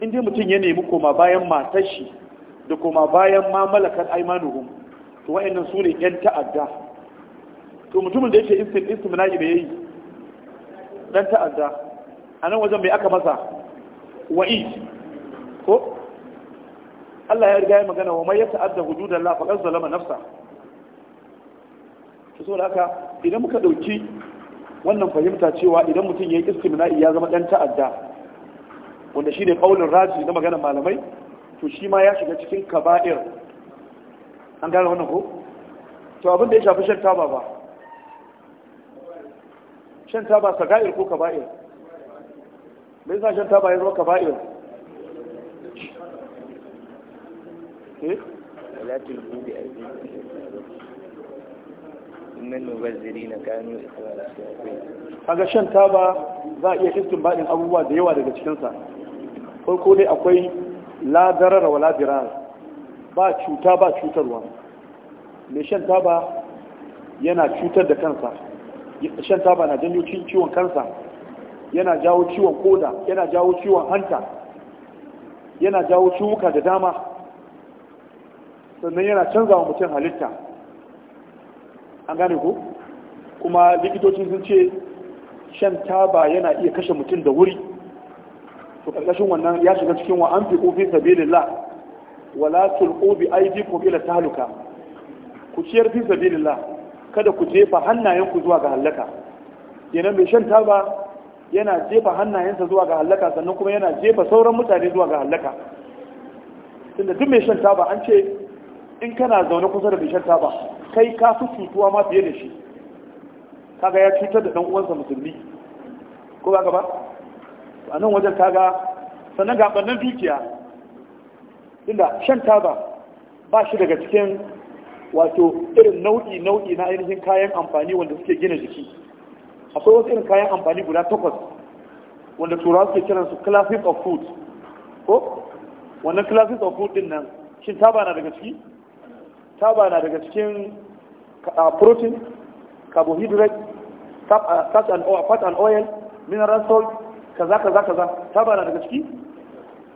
in mutum ya nemi koma bayan matar shi da koma bayan mamalakar aimanuhun to wa'annan su ne yan ta'adda to mutumin da yake istin istimna'i ya yi dan ta'adda a nan wajen mai aka masa wa'i ko Allah ya riga ya magana wa mai ya ta'adda hududan la faqad zalama nafsa to da haka idan muka dauki wannan fahimta cewa idan mutum ya yi istimna'i ya zama dan ta'adda wanda shi ne ƙaunin raji na maganar malamai to shi ma ya shiga cikin kaba'ir an gane wannan ko to abin da ya shafi shan taba ba shan taba saga'ir ko kaba'ir me yasa shan taba ya zama kaba'ir eh? kaga shan taba za a iya baɗin abubuwa da yawa daga cikinsa. farko dai akwai ladarar wa ladirar ba cuta ba cutarwa mai shan taba yana cutar da kansa shan taba na janyo ciwon kansa yana jawo ciwon koda yana jawo ciwon hanta yana jawo ciwuka da dama sannan yana canza wa mutum halitta an gane ku kuma likitocin sun ce shan taba yana iya kashe mutum da wuri to karkashin wannan ya shiga cikin wa an fi fi sabilillah wala tulqu bi aydikum ila tahluka ku ciyar fi sabilillah kada ku jefa hannayenku zuwa ga halaka Yana mai shan taba yana jefa hannayensa zuwa ga halaka sannan kuma yana jefa sauran mutane zuwa ga halaka tunda duk mai shan taba an ce in kana zaune kusa da mai shan taba kai ka fi cutuwa ma fiye da shi kaga ya cutar da dan uwansa musulmi ko ba ka ba a nan wajen kaga sannan ga ɓannan dukiya inda shan taba ba shi daga cikin wato irin nau'i nau'i na ainihin kayan amfani wanda suke gina jiki akwai wasu irin kayan amfani guda takwas wanda turawa suke kiran su classes of food ko wannan classes of food din nan shin taba na daga ciki taba na daga cikin protein carbohydrate fat and oil mineral salt kaza kaza kaza taba na daga ciki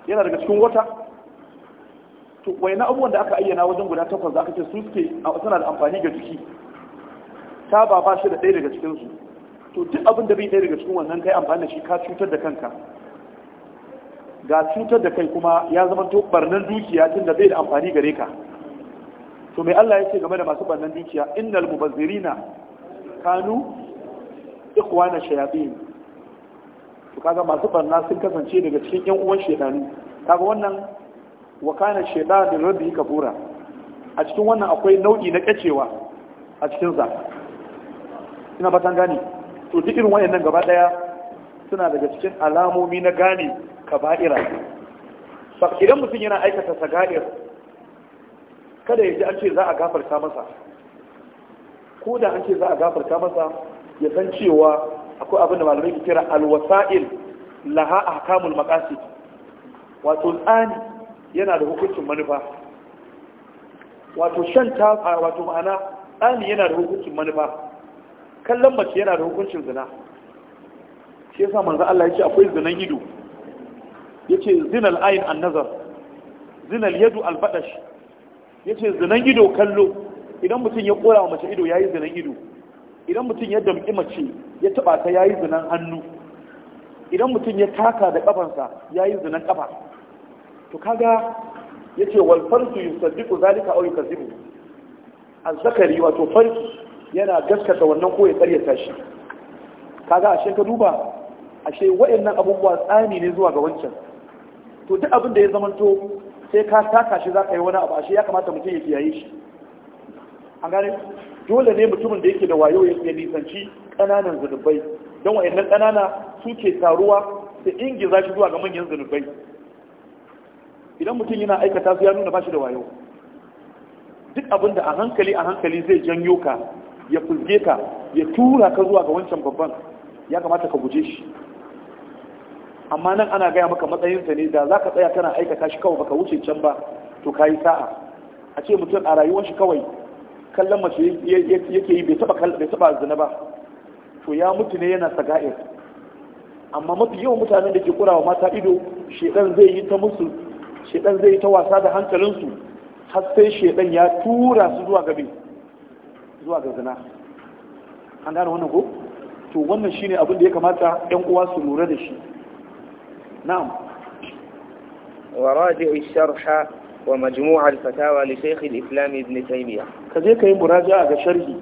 yana daga cikin wata to wai na abubuwan da aka ayyana wajen guda takwas da aka ce su suke suna da amfani ga jiki Ta ba shi da ɗaya daga cikin su to duk abin da bai ɗaya daga cikin wannan kai amfani da shi ka cutar da kanka ga cutar da kai kuma ya zama to barnan dukiya tun da bai da amfani gare ka to mai Allah ya ce game da masu barnan dukiya innal mubazzirina kanu ikwana shayatin to kaga masu barna sun kasance daga cikin yan uwan shedanu kaga wannan wa kana shaytan da rabbi kafura a cikin wannan akwai nau'i na kacewa a cikin sa ina fatan gani to duk irin wayannan gaba daya suna daga cikin alamomi na gane kaba'ira idan mutum yana aikata saga'ir kada ya ji an ce za a gafarta masa ko da an ce za a gafarta masa ya san cewa akwai abin da malamai ke kira alwasa'il laha ahkamul maqasid wato tsani yana da hukuncin manufa wato shan ta wato ma'ana tsani yana da hukuncin manufa kallon mace yana da hukuncin zina shi yasa manzo Allah ce akwai zinan ido yace zinal ayn an nazar zinal yadu al badash yace zinan ido kallo idan mutum ya kora wa mace ido yayi zinan ido idan mutum ya damƙi mace ya taɓa ta yayi zinan hannu idan mutum ya taka da ƙafansa ya yi zinan ƙafa to kaga ya ce wal fardu yusaddiqu zalika aw yukazzibu azzakari wato farki yana gaskata wannan ko ya ƙaryata shi kaga ashe ka duba ashe waɗannan abubuwa tsani ne zuwa ga wancan to duk abin da ya zamanto sai ka taka shi za ka yi wani abu ashe ya kamata mutum ya kiyaye shi an gane dole ne mutumin da yake da wayo ya nisanci ƙananan zunubai don wa'annan ƙanana suke taruwa su ingiza shi zuwa ga manyan zunubai idan mutum yana aikata su ya nuna ba shi da wayo duk abin da a hankali a hankali zai janyo ka ya fuzge ka ya tura ka zuwa ga wancan babban ya kamata ka guje shi amma nan ana gaya maka matsayinsa ne da za ka tsaya kana aikata shi kawai baka wuce can ba to ka yi sa'a a ce mutum a rayuwar shi kawai kallon mace yake yi bai taba zina ba to ya mutu ne yana saga'ir amma mafi yawan mutanen da ke kurawa mata ido shedan zai yi ta musu shedan zai yi ta wasa da hankalinsu har sai shedan ya tura su zuwa gabe zuwa ga zina an gane wannan ko to wannan shine abin da ya kamata yan uwa su lura da shi na'am wa raji'i sharha wa majmu'ar fatawa li shaykh al-islam ibn taymiya ka je kai muraja'a ga sharhi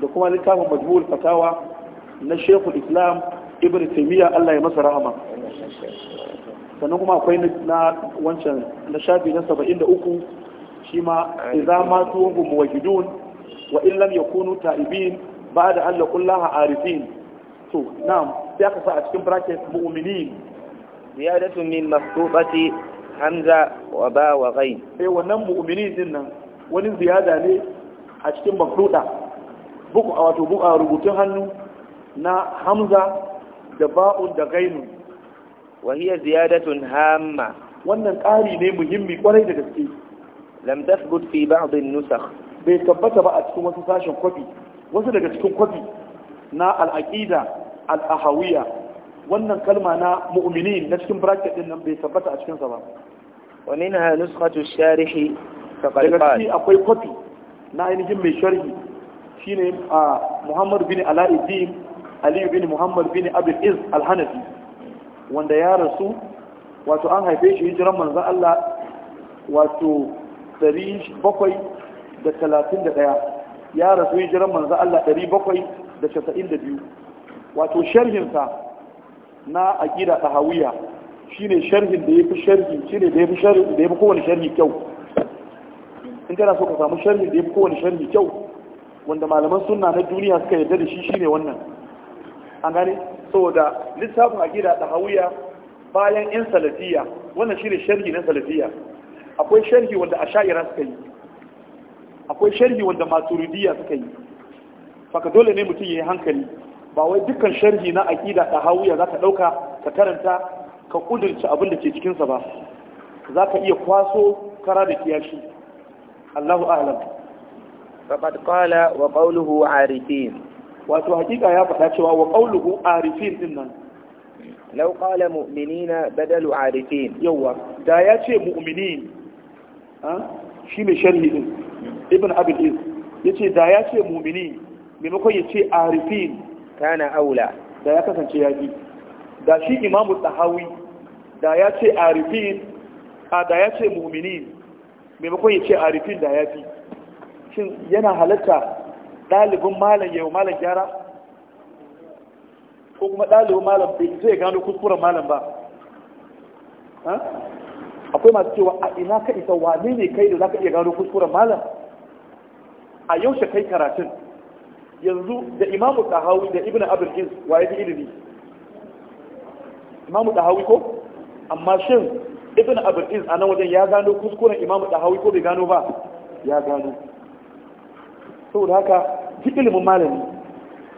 da kuma littafin majmu'ul fatawa na shaykh al-islam ibn taymiya Allah ya masa rahama sannan kuma akwai na wancan na shafi na 73 shi ma idza matu hum muwahhidun wa in lam yakunu ta'ibin ba'da an laqullaha arifin to na'am sai aka sa a cikin bracket mu'minin ziyadatun min maktubati hamza wa ba wa gai eh wannan mu'mini din nan wani ziyada ne a cikin makruda buku a wato buku a rubutun hannu na hamza da ba'un da gainu wa hiya ziyadatun hamma wannan ƙari ne muhimmi kwarai da gaske lam tathbut fi ba'd an-nusakh bai tabbata ba a cikin wasu sashen kwafi wasu daga cikin kwafi na al-aqida al wannan kalma na mu'minin na cikin bracket din nan bai tabbata a cikinsa ba ومنها نسخة الشارح فقد قال أقوي قطي نعين جمع شرحي شين محمد بن علاء الدين علي بن محمد بن أبي الإز الحنفي wanda ya rasu wato an haife shi hijiran manzan Allah wato 731 ya rasu hijiran manzan Allah 792 wato sharhinsa na aƙida ɗahawiya shine sharhin da yafi sharhi shine da yafi sharhi da yafi kowane sharhi kyau in kana so ka samu sharhi da yafi kowane sharhi kyau wanda malaman sunna na duniya suka yarda da shi shine wannan an gane saboda littafin aqida da hawiya bayan yan salafiya wannan shine sharhi na salafiya akwai sharhi wanda asha'ira suka yi akwai sharhi wanda maturidiya suka yi faka dole ne mutum ya yi hankali ba wai dukkan sharhi na aqida da hawiya zaka dauka ka karanta ka ƙudurci abin da ke cikinsa ba za ka iya kwaso kara da kiyashi Allahu alam faqad qala wa qawluhu arifin wato hakika ya faɗa cewa wa qawluhu arifin din nan law qala mu'minina badalu arifin yawa da ya ce mu'minin shi ne sharhi din ibn abd iz yace da ya ce mu'mini maimakon ya ce arifin kana aula da ya kasance ya bi da shi imamu tahawi da ya ce arifin a da ya ce mumini maimakon ya ce arifin da ya fi shin yana halatta ɗalibin malam yau malam gyara ko kuma ɗalibin malam bai zai gano kuskuren malam ba akwai masu cewa a ina ka isa wane ne kai da za ka iya gano kuskuren malam a yaushe kai karatun yanzu da imamu tahawi da ibn abirgin wa ya fi ilimi imamu hawi ko amma shin ibn abul iz a nan wajen ya gano kuskuren imamu hawi ko bai gano ba ya gano saboda haka duk ilimin malami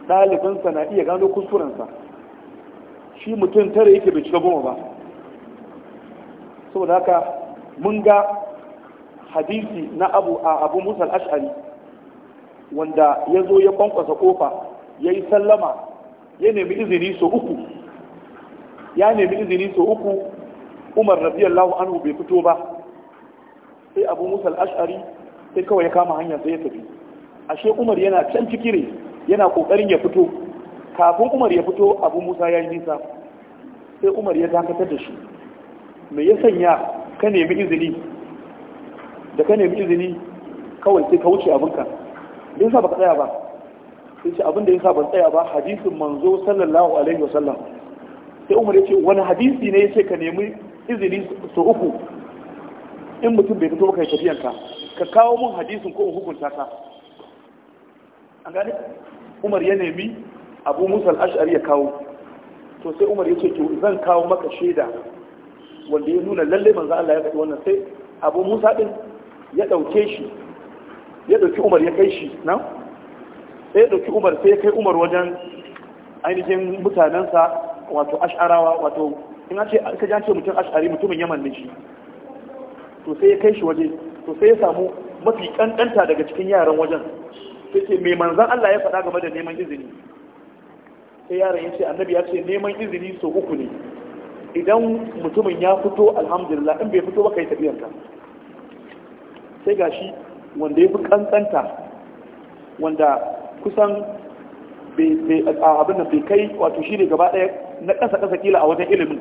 ɗalibinsa na iya gano kuskurensa shi mutum tare yake bai cika goma ba saboda haka mun ga hadisi na abu a abu musal ash'ari wanda ya zo ya kwankwasa kofa ya yi sallama ya nemi izini so uku ya nemi izini so uku umar radiyallahu anhu bai fito ba sai abu musa al-ash'ari sai kawai ya kama hanyar sai ya tafi ashe umar yana can cikire yana kokarin ya fito kafin umar ya fito abu musa ya yi nisa sai umar ya dakatar da shi me ya sanya ka nemi izini da ka nemi izini kawai sai ka wuce abinka da yasa ka tsaya ba sai ce abin da yasa ban tsaya ba hadisin manzo sallallahu alaihi wasallam sai umar ya ce wani hadisi ne ya ce ka nemi izini su uku in mutum bai fito kai tafiyan ka ka kawo mun hadisin ko hukunta ka an gane umar ya nemi abu musa al'ashari ya kawo to sai umar ya ce zan kawo maka shaida wanda ya nuna lalle manzo Allah ya faɗi wannan sai abu musa din ya ɗauke shi ya ɗauki umar ya kai shi na sai ya ɗauki umar sai ya kai umar wajen ainihin mutanensa wato ash'arawa wato in ce ka ji an ce mutum ash'ari mutumin yaman ne shi to sai ya kai shi waje to sai ya samu mafi kankanta daga cikin yaran wajen sai ce mai manzan Allah ya faɗa game da neman izini sai yaron ya ce annabi ya ce neman izini so uku ne idan mutumin ya fito alhamdulillah in bai fito ba kai ka sai gashi wanda ya fi kankanta wanda kusan abin da bai kai wato shi ne gaba ɗaya na ƙasa ƙasa kila a wajen ilimin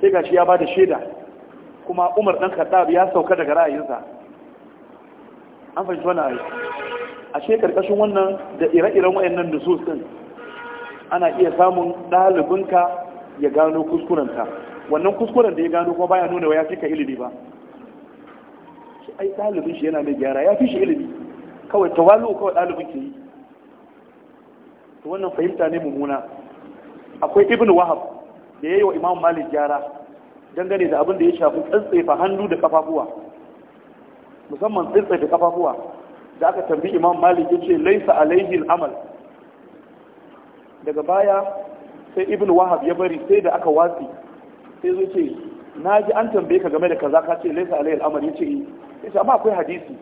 sai ga shi ya ba da shaida kuma umar ɗan kaɗab ya sauka daga ra'ayinsa an fahimci wani ayi a ce ƙarƙashin wannan da ire-iren wayannan da sosin ana iya samun ɗalibinka ya gano kuskurenta wannan kuskuren da ya gano kuma baya nuna wa ya fi ka ilimi ba ai ɗalibin shi yana mai gyara ya fi shi ilimi kawai tawalu kawai ɗalibin ke yi to wannan fahimta ne mummuna akwai ibn wahab da yayi wa imam malik gyara dangane da abin da ya shafi tsantsefa hannu da kafafuwa musamman tsantsefa kafafuwa da aka tambi imam malik ya ce laisa alaihi al'amal daga baya sai ibn wahab ya bari sai da aka watsi sai zai ce na ji an tambaye ka game da kaza ka ce laisa alaihi al'amal ya ce eh. ya amma akwai hadisi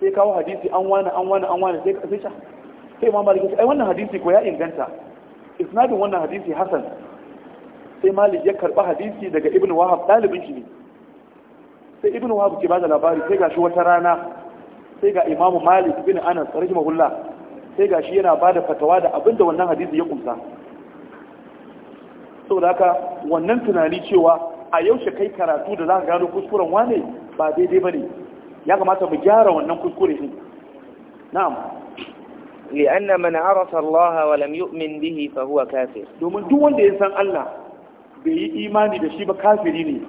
sai kawo hadisi an wani an wani an wani sai ka sai imam malik ai wannan hadisi ko ya inganta isnadin wannan hadisi hasan sai malik ya karba hadisi daga ibn wahab dalibin shi ne sai ibn wahab ke bada labari sai gashi wata rana sai ga imamu malik bin anas rahimahullah sai gashi yana bada fatawa da abinda wannan hadisi ya kunsa saboda haka wannan tunani cewa a yaushe kai karatu da za gano kuskuren wane ba daidai ba ne ya kamata mu gyara wannan kuskure ne na'am لأن من عرف الله ولم يؤمن به فهو كافر domin duk wanda ya san Allah bai yi imani da shi ba kafiri ne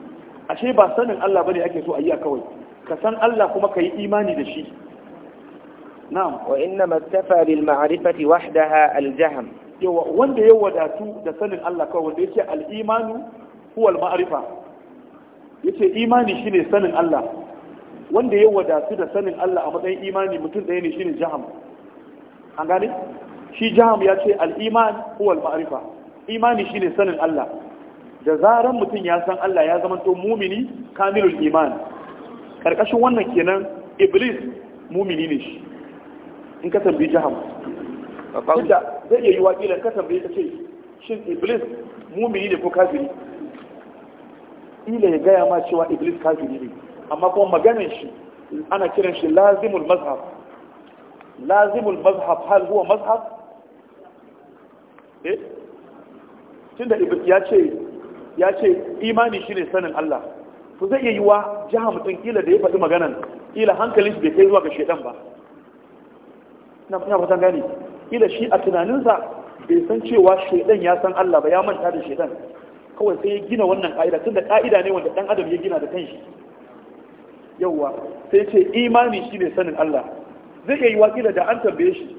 ashe ba sanin Allah bane ake so a yi a kawai ka san Allah kuma ka yi imani da shi na'am wa inna mastafa bil ma'rifati wahdaha al jahm yawa wanda ya wadatu da sanin Allah kawai wanda yake al imanu huwa al ma'rifa yace imani shine sanin Allah wanda ya wadatu da sanin Allah a matsayin imani mutum ɗaya ne shine jahannam an gane shi jaham ya ce al'iman huwal ma'arifa imani ne sanin Allah da zaran mutum ya san Allah ya zama to mumini kamilul iman Ƙarƙashin wannan kenan iblis mumini ne shi in ka tambayi jaham inda zai iya yi wakilan ka tambayi ka ce shi iblis mumini ne ko kafiri ila ya gaya ma cewa iblis kafiri ne amma kuma maganin shi ana kiran shi lazimul mazhab lazimul mazhab hal huwa mazhab eh tunda ya ce ya ce imani shine sanin Allah to zai iya wa jiha mutum kila da ya faɗi maganan kila hankalin shi bai kai zuwa ga shedan ba na kuma fatan gani kila shi a tunaninsa bai san cewa shedan ya san Allah ba ya manta da shedan kawai sai ya gina wannan ka'ida tunda ka'ida ne wanda dan adam ya gina da kanshi yawwa sai ce imani shine sanin Allah zai yi wakila da an tambaye shi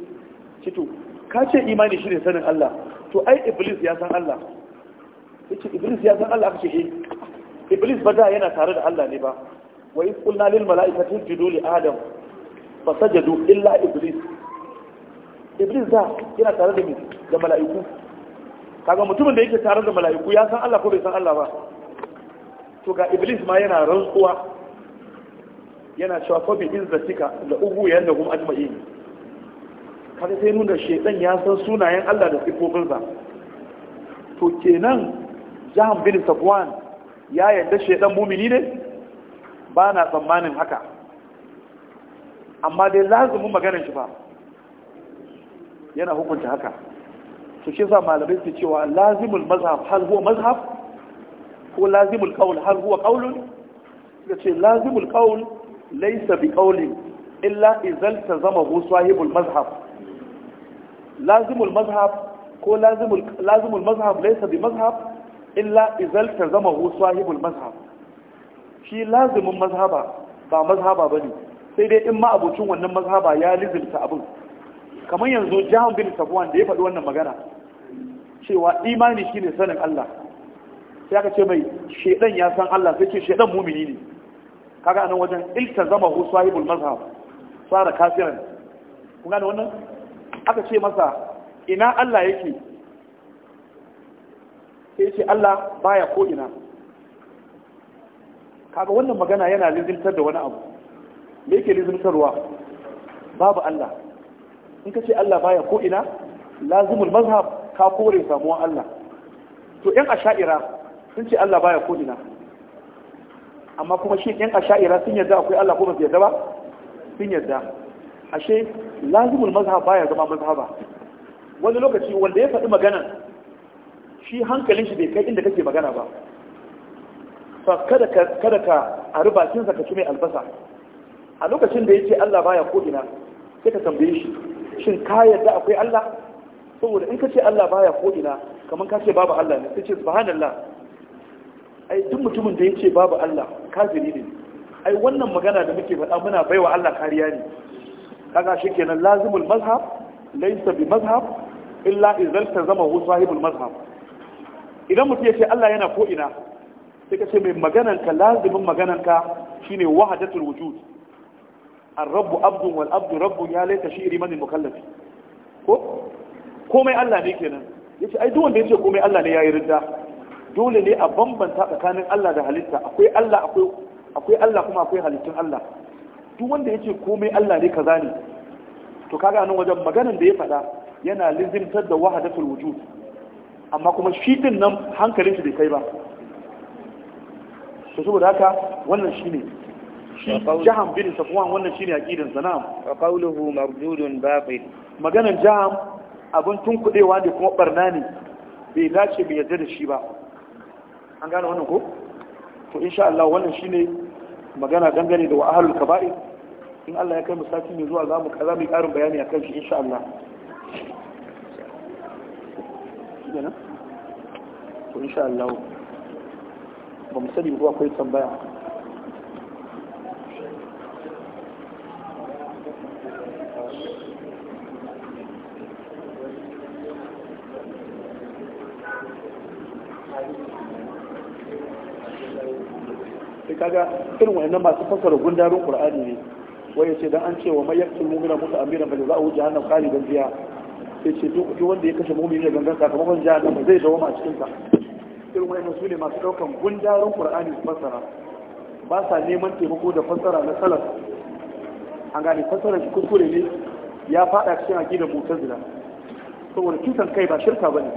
cito ka ce imani shi ne sanin Allah to ai iblis ya san Allah yace iblis ya san Allah aka ce eh iblis ba da yana tare da Allah ne ba wa in qulna lil mala'ikati isjudu li adam fa sajadu illa iblis iblis da yana tare da da mala'iku kaga mutumin da yake tare da mala'iku ya san Allah ko bai san Allah ba to ga iblis ma yana rantsuwa yana cewa fa bi da la ubu yanda kuma ajma'i kada sai nuna shedan ya san sunayen Allah da sa to kenan jahan bin safwan ya yadda shedan mumini ne ba na tsammanin haka amma dai lazumin maganar shi ba yana hukunta haka to shi sa malamai su cewa lazimul mazhab hal huwa mazhab ko lazimul qaul hal huwa qaulun suka ce lazimul qaul laisa bi qawlin illa izal tazamahu sahibul mazhab lazimul mazhab ko lazimul lazimul mazhab laisa bi mazhab illa izal tazamahu sahibul mazhab shi lazimin mazhaba ba mazhaba bane sai dai in ma abocin wannan mazhaba ya lizimta abin kamar yanzu jahan bin safwan da ya faɗi wannan magana cewa imani shine sanin Allah sai aka ce mai shedan ya san Allah sai ce shedan mumini ne kaga anan wajen iltazama hu sahibul mazhab sara kafiran kun gane wannan aka ce masa ina Allah yake sai ce Allah baya ko ina kaga wannan magana yana lizimtar da wani abu me yake lizimtarwa babu Allah in ka ce Allah baya ko ina lazimul mazhab ka kore samuwan Allah to yan asha'ira sun ce Allah baya ko ina amma kuma shi a asha'ira sun yarda akwai Allah ko su yadda ba sun yarda ashe lazimul mazhab baya zama ba. wani lokaci wanda ya faɗi magana shi hankalin shi bai kai inda kake magana ba fa kada ka kada ka a ka ci mai albasa a lokacin da yace Allah baya ko ina sai ka tambaye shi shin ka yarda akwai Allah saboda in ka ce Allah baya ko ina kamar ka ce babu Allah ne sai ce subhanallah ai duk mutumin da yake babu Allah kafiri ne ai wannan magana da muke faɗa muna baiwa Allah kariya ne kaga shikenan lazimul mazhab laysa bi mazhab illa idan tazama hu sahibul mazhab idan mutum yace Allah yana ko ina sai ka ce mai maganan ka lazimin maganan ka shine wahdatul wujud ar-rabbu abdun wal abdu rabbun ya shiri shi iriman mukallaf ko komai Allah ne kenan yace ai duk wanda yace komai Allah ne yayi ridda dole ne a bambanta tsakanin Allah da halitta akwai Allah akwai akwai Allah kuma akwai halittun Allah duk wanda yake komai Allah ne kaza ne to kaga nan wajen maganan da ya faɗa yana lizimtar da wahadatul wujud amma kuma shi din nan hankalin shi bai kai ba to saboda haka wannan shine jaham bin safwan wannan shine aqidan sana'a. wa qawluhu marjudun baqil maganan jaham abun tunkudewa da kuma barna ne bai dace bai yarda da shi ba an gane wannan ko to insha Allah wannan shine magana dangane da wa'ahalul kaba'i in Allah ya kai mu sati mai zuwa za kaza mai karin bayani akan shi insha Allah to insha Allah ba mu sani ko akwai tambaya kaga irin wayannan masu fassara gundarin qur'ani ne wai yace dan an ce wa may za mu'mina wuce fa jazaohu jahannam khalidan fiha ce duk wanda ya kashe mu'mini da gangan sakamakon jahannam zai dawoma a cikin ta irin wayannan su ne masu daukan gundarin qur'ani su fassara ba sa neman taimako da fassara na salaf an gane fassara shi kuskure ne ya fada cikin aqidar mu'tazila saboda kisan kai ba shirka bane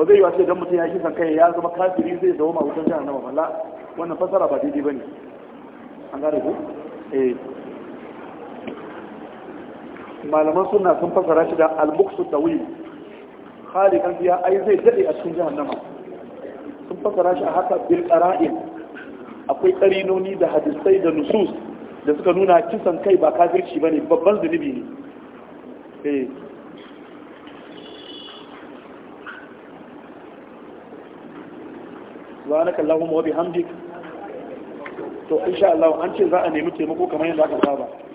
ba zai yi wace don mutum ya kisan kai ya zama kafiri zai zama a jihar jahannama ba wannan fasara ba daidai bane an gane ko eh malaman suna sun fasara shi da al-buksu tawil khaliqan biya ai zai dade a cikin jahannama sun fasara shi a haka bil qara'in akwai ƙarinoni da hadisai da nusus da suka nuna kisan kai ba kafirci bane babban zunubi ne eh subhanaka allahumma wa bihamdika to insha Allah an ce za a nemi taimako kamar yadda aka saba